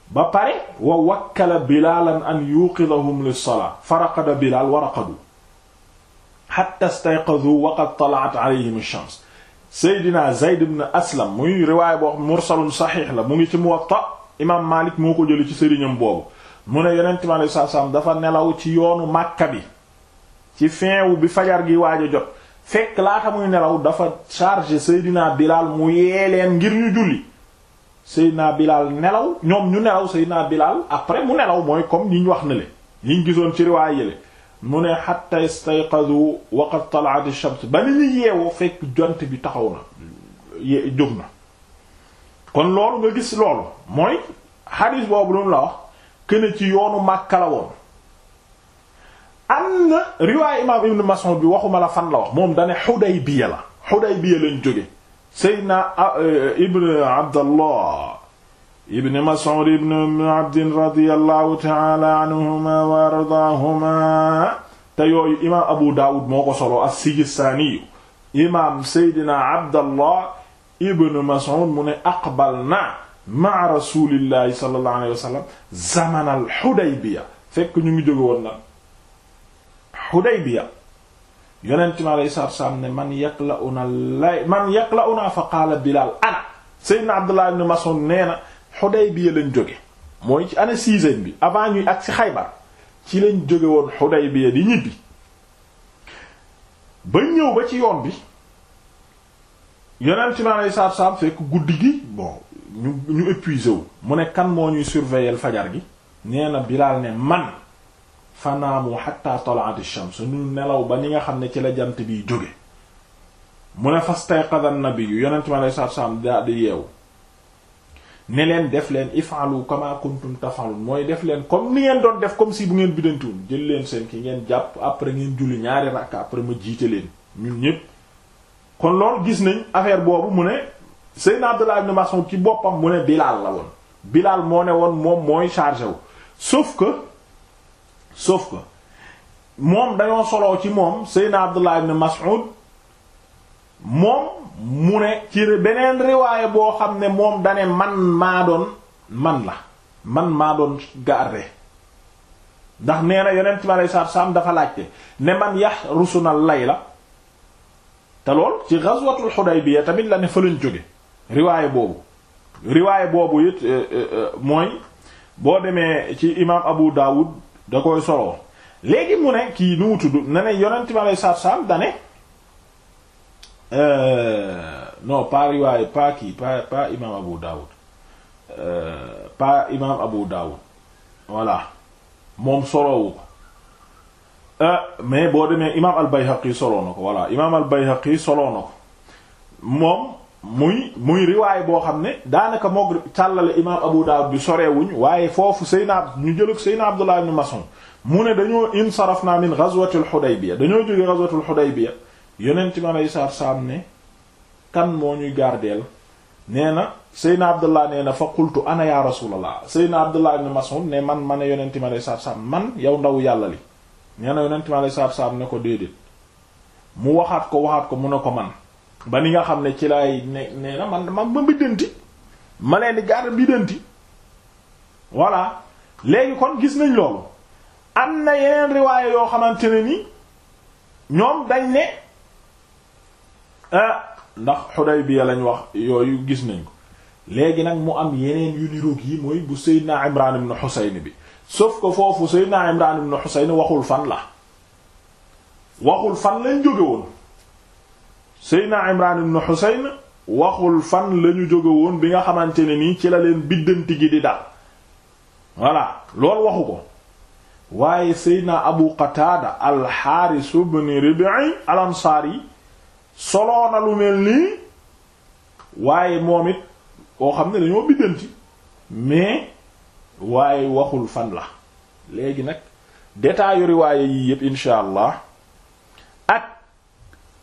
ba pare wa wakkala bilaalan an yuqidahum lissalaa faraqada bilaal wa raqadu xatta stayqadu wa qad talaat alayhim ash-shams seydina zayd ibn aslam muy riwaay boo xam mursalun saxiix la mu ngi ci muwatta imaam maalik moo ko jële ci sëriñam boobu mu ne yonent mi alayhi salaatu salaam dafa nelaw ci yoonu màkka bi ci feewu bi fajar gi waaj a jot fekk laata muy nelaw dafa chargé seydina bilaal mu yee leen ngir ñu julli Seydina Bilal nelaw ñoom ñu nelaw Seydina bilaal après mu nelaw mooy comme ñu wax na le ñu gisoon ci riwaay yële mu ne hatta istayqadu wa qad tala'at ash ba ni ñu yeewoo fekk jont bi taxaw na jóg na kon loolu nga gis loolu mooy xadiis boobu lu la wax këne ci yoonu Makka la woon am na riwaay imaam Ibn Mas'ud bi waxuma la fan la wax moom dane Hudaybiya la Hudaybiya lañ jóge seydna ah, eh, ibn abdallah ibn mas'ud ibn abdin radiyallahu taala anhuma wa ardaahuma te yooyu imaam abu daawud moo ko solo as-sijistaaniyu imaam seydna abdallah ibn mas'ud mu ne aqbalna ma rasulillahi sallallahu alayhi wa sallam zamanal xudaybiya fekk ñu ngi jóge woon na xudaybiya yonent mi alayhi salaatu salaam ne man la yaqla'una lay man la yaqla'una fa qaala Bilaal ana Seydina Abdullah ibn Mas'ud nee na Xudaybiya lañ jóge mooy ci année sixième bi avant ñuy ak ci Xaybar ci lañ jóge woon Xudaybiya di ñibbi ba ñëw ba ci yoon bi yonent mi alayhi salaatu salaam fekk guddi gi bon ñu ñu wu mu ne kan moo ñuy surveiller fajar gi neena Bilaal ne man fanaamu hatta talaat ash-shams ñu nelaw ba ni nga xam ne ci la jant bi jóge mu ne fastayqadha an na yonent mi alayhi salaatu salaam daal di yeewu ne leen def leen if'alu kama kuntum taf'alun mooy def leen comme ni ngeen doon def comme si bu ngeen biddantiwun jël leen seen ki ngeen jàpp après ngeen julli ñaari rakk après ma jiite leen ñun ñépp kon lool gis nañ affaire boobu mu ne Seydina Abdullah ibn Mas'ud ci boppam mu ne Bilaal la woon Bilaal moo ne woon mooy chargé wu sauf ko moom dañoo soloo ci moom Seydina Abdullah ibn Mas'ud moom mu ne ci beneen riwaaya boo xam ne moom dane man maa doon man la man maa doon garde ndax nee na yonent mi alei satu salaam dafa laajte ne man yax lay la te lool ci ghazwatul Hudaybiya tamit la ne fa lañ jóge riwaaya boobu riwaaya boobu it euh, euh, euh, mooy boo demee ci imaam Abu Dawud da koy soloo léegi mu ne kii nu mu tudd na ne yonent mi aleyhi salaatu salaam da ne euh, non pas riwaay kii pas pas imaam Abu Dawud euh, pas imaam Abu Dawud voilà moom soloowu ko euh, mais boo demee imaam al-Bayhaqi soloo na ko voilà imaam al-Bayhaqi soloo na ko moom. muy muy riwaay boo xam ne daanaka moog càllale imaam Abu Dawud bi sorewuñ waaye foofu Seyna ñu jëlug Seyna Abdullah ibn Mas'ud mu ne dañoo insarafna min ghazwatil Hudaybiya dañoo jóge ghazwatul Hudaybiya yonent ma lay saar saam ne kan moo ñuy gardeel nee na Seyna Abdullah nee na fa qultu ana ya Rasulullah Seyna Abdullah ibn Mas'ud ne man ma ne yonent ma lay saar man yow ndaw yàlla li nee na yonent ma lay saar ne ko déedéet mu waxaat ko waxaat ko mu ne ko man ba ni nga xam ne ci laay ne nee na man man ma biddanti ma leen di gaar biddanti voilà léegi kon gis nañ loolu am na yeneen riwaaye yoo xamante ne ni ñoom dañ ne ah ndax Xudaybiya lañ wax yooyu gis nañ ko léegi nag mu am yeneen yu niroog yi mooy bu Seydina Imran ibn Husayn bi sauf ko foofu naa Imran ibn Husayn waxul fan la waxul fan lañ jóge woon Seydina Imran ibn Husayn waxul fan la ñu jóge woon bi nga xamante ne nii ci la leen biddanti gi di dal voilà loolu waxu ko waaye Seydina Abu Qatada al-Haris ibn Rib'i al-Ansari soloo na lu mel nii waaye moom it koo xam ne dañoo biddanti mais waaye waxul fan la léegi nag détails yu riwaaye yii yépp incha allah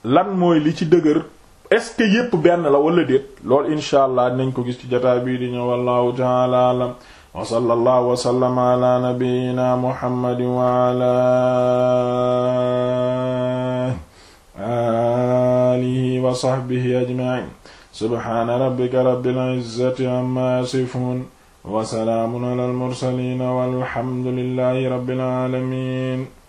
lan mooy li ci dëgër est-ce que yépp benn la wala déet loolu incha allah nañ ko gis ci jotaay bii di ñëw wallahu ta'ala alam wa sallallahu wa sallama ala nabiyyina muhammadin wa ala alihi wa sahbihi ajma'in subhana rabbika rabbil izzati amma yasifun wa salaamun ala al mursalin walhamdulillahi rabbil alamin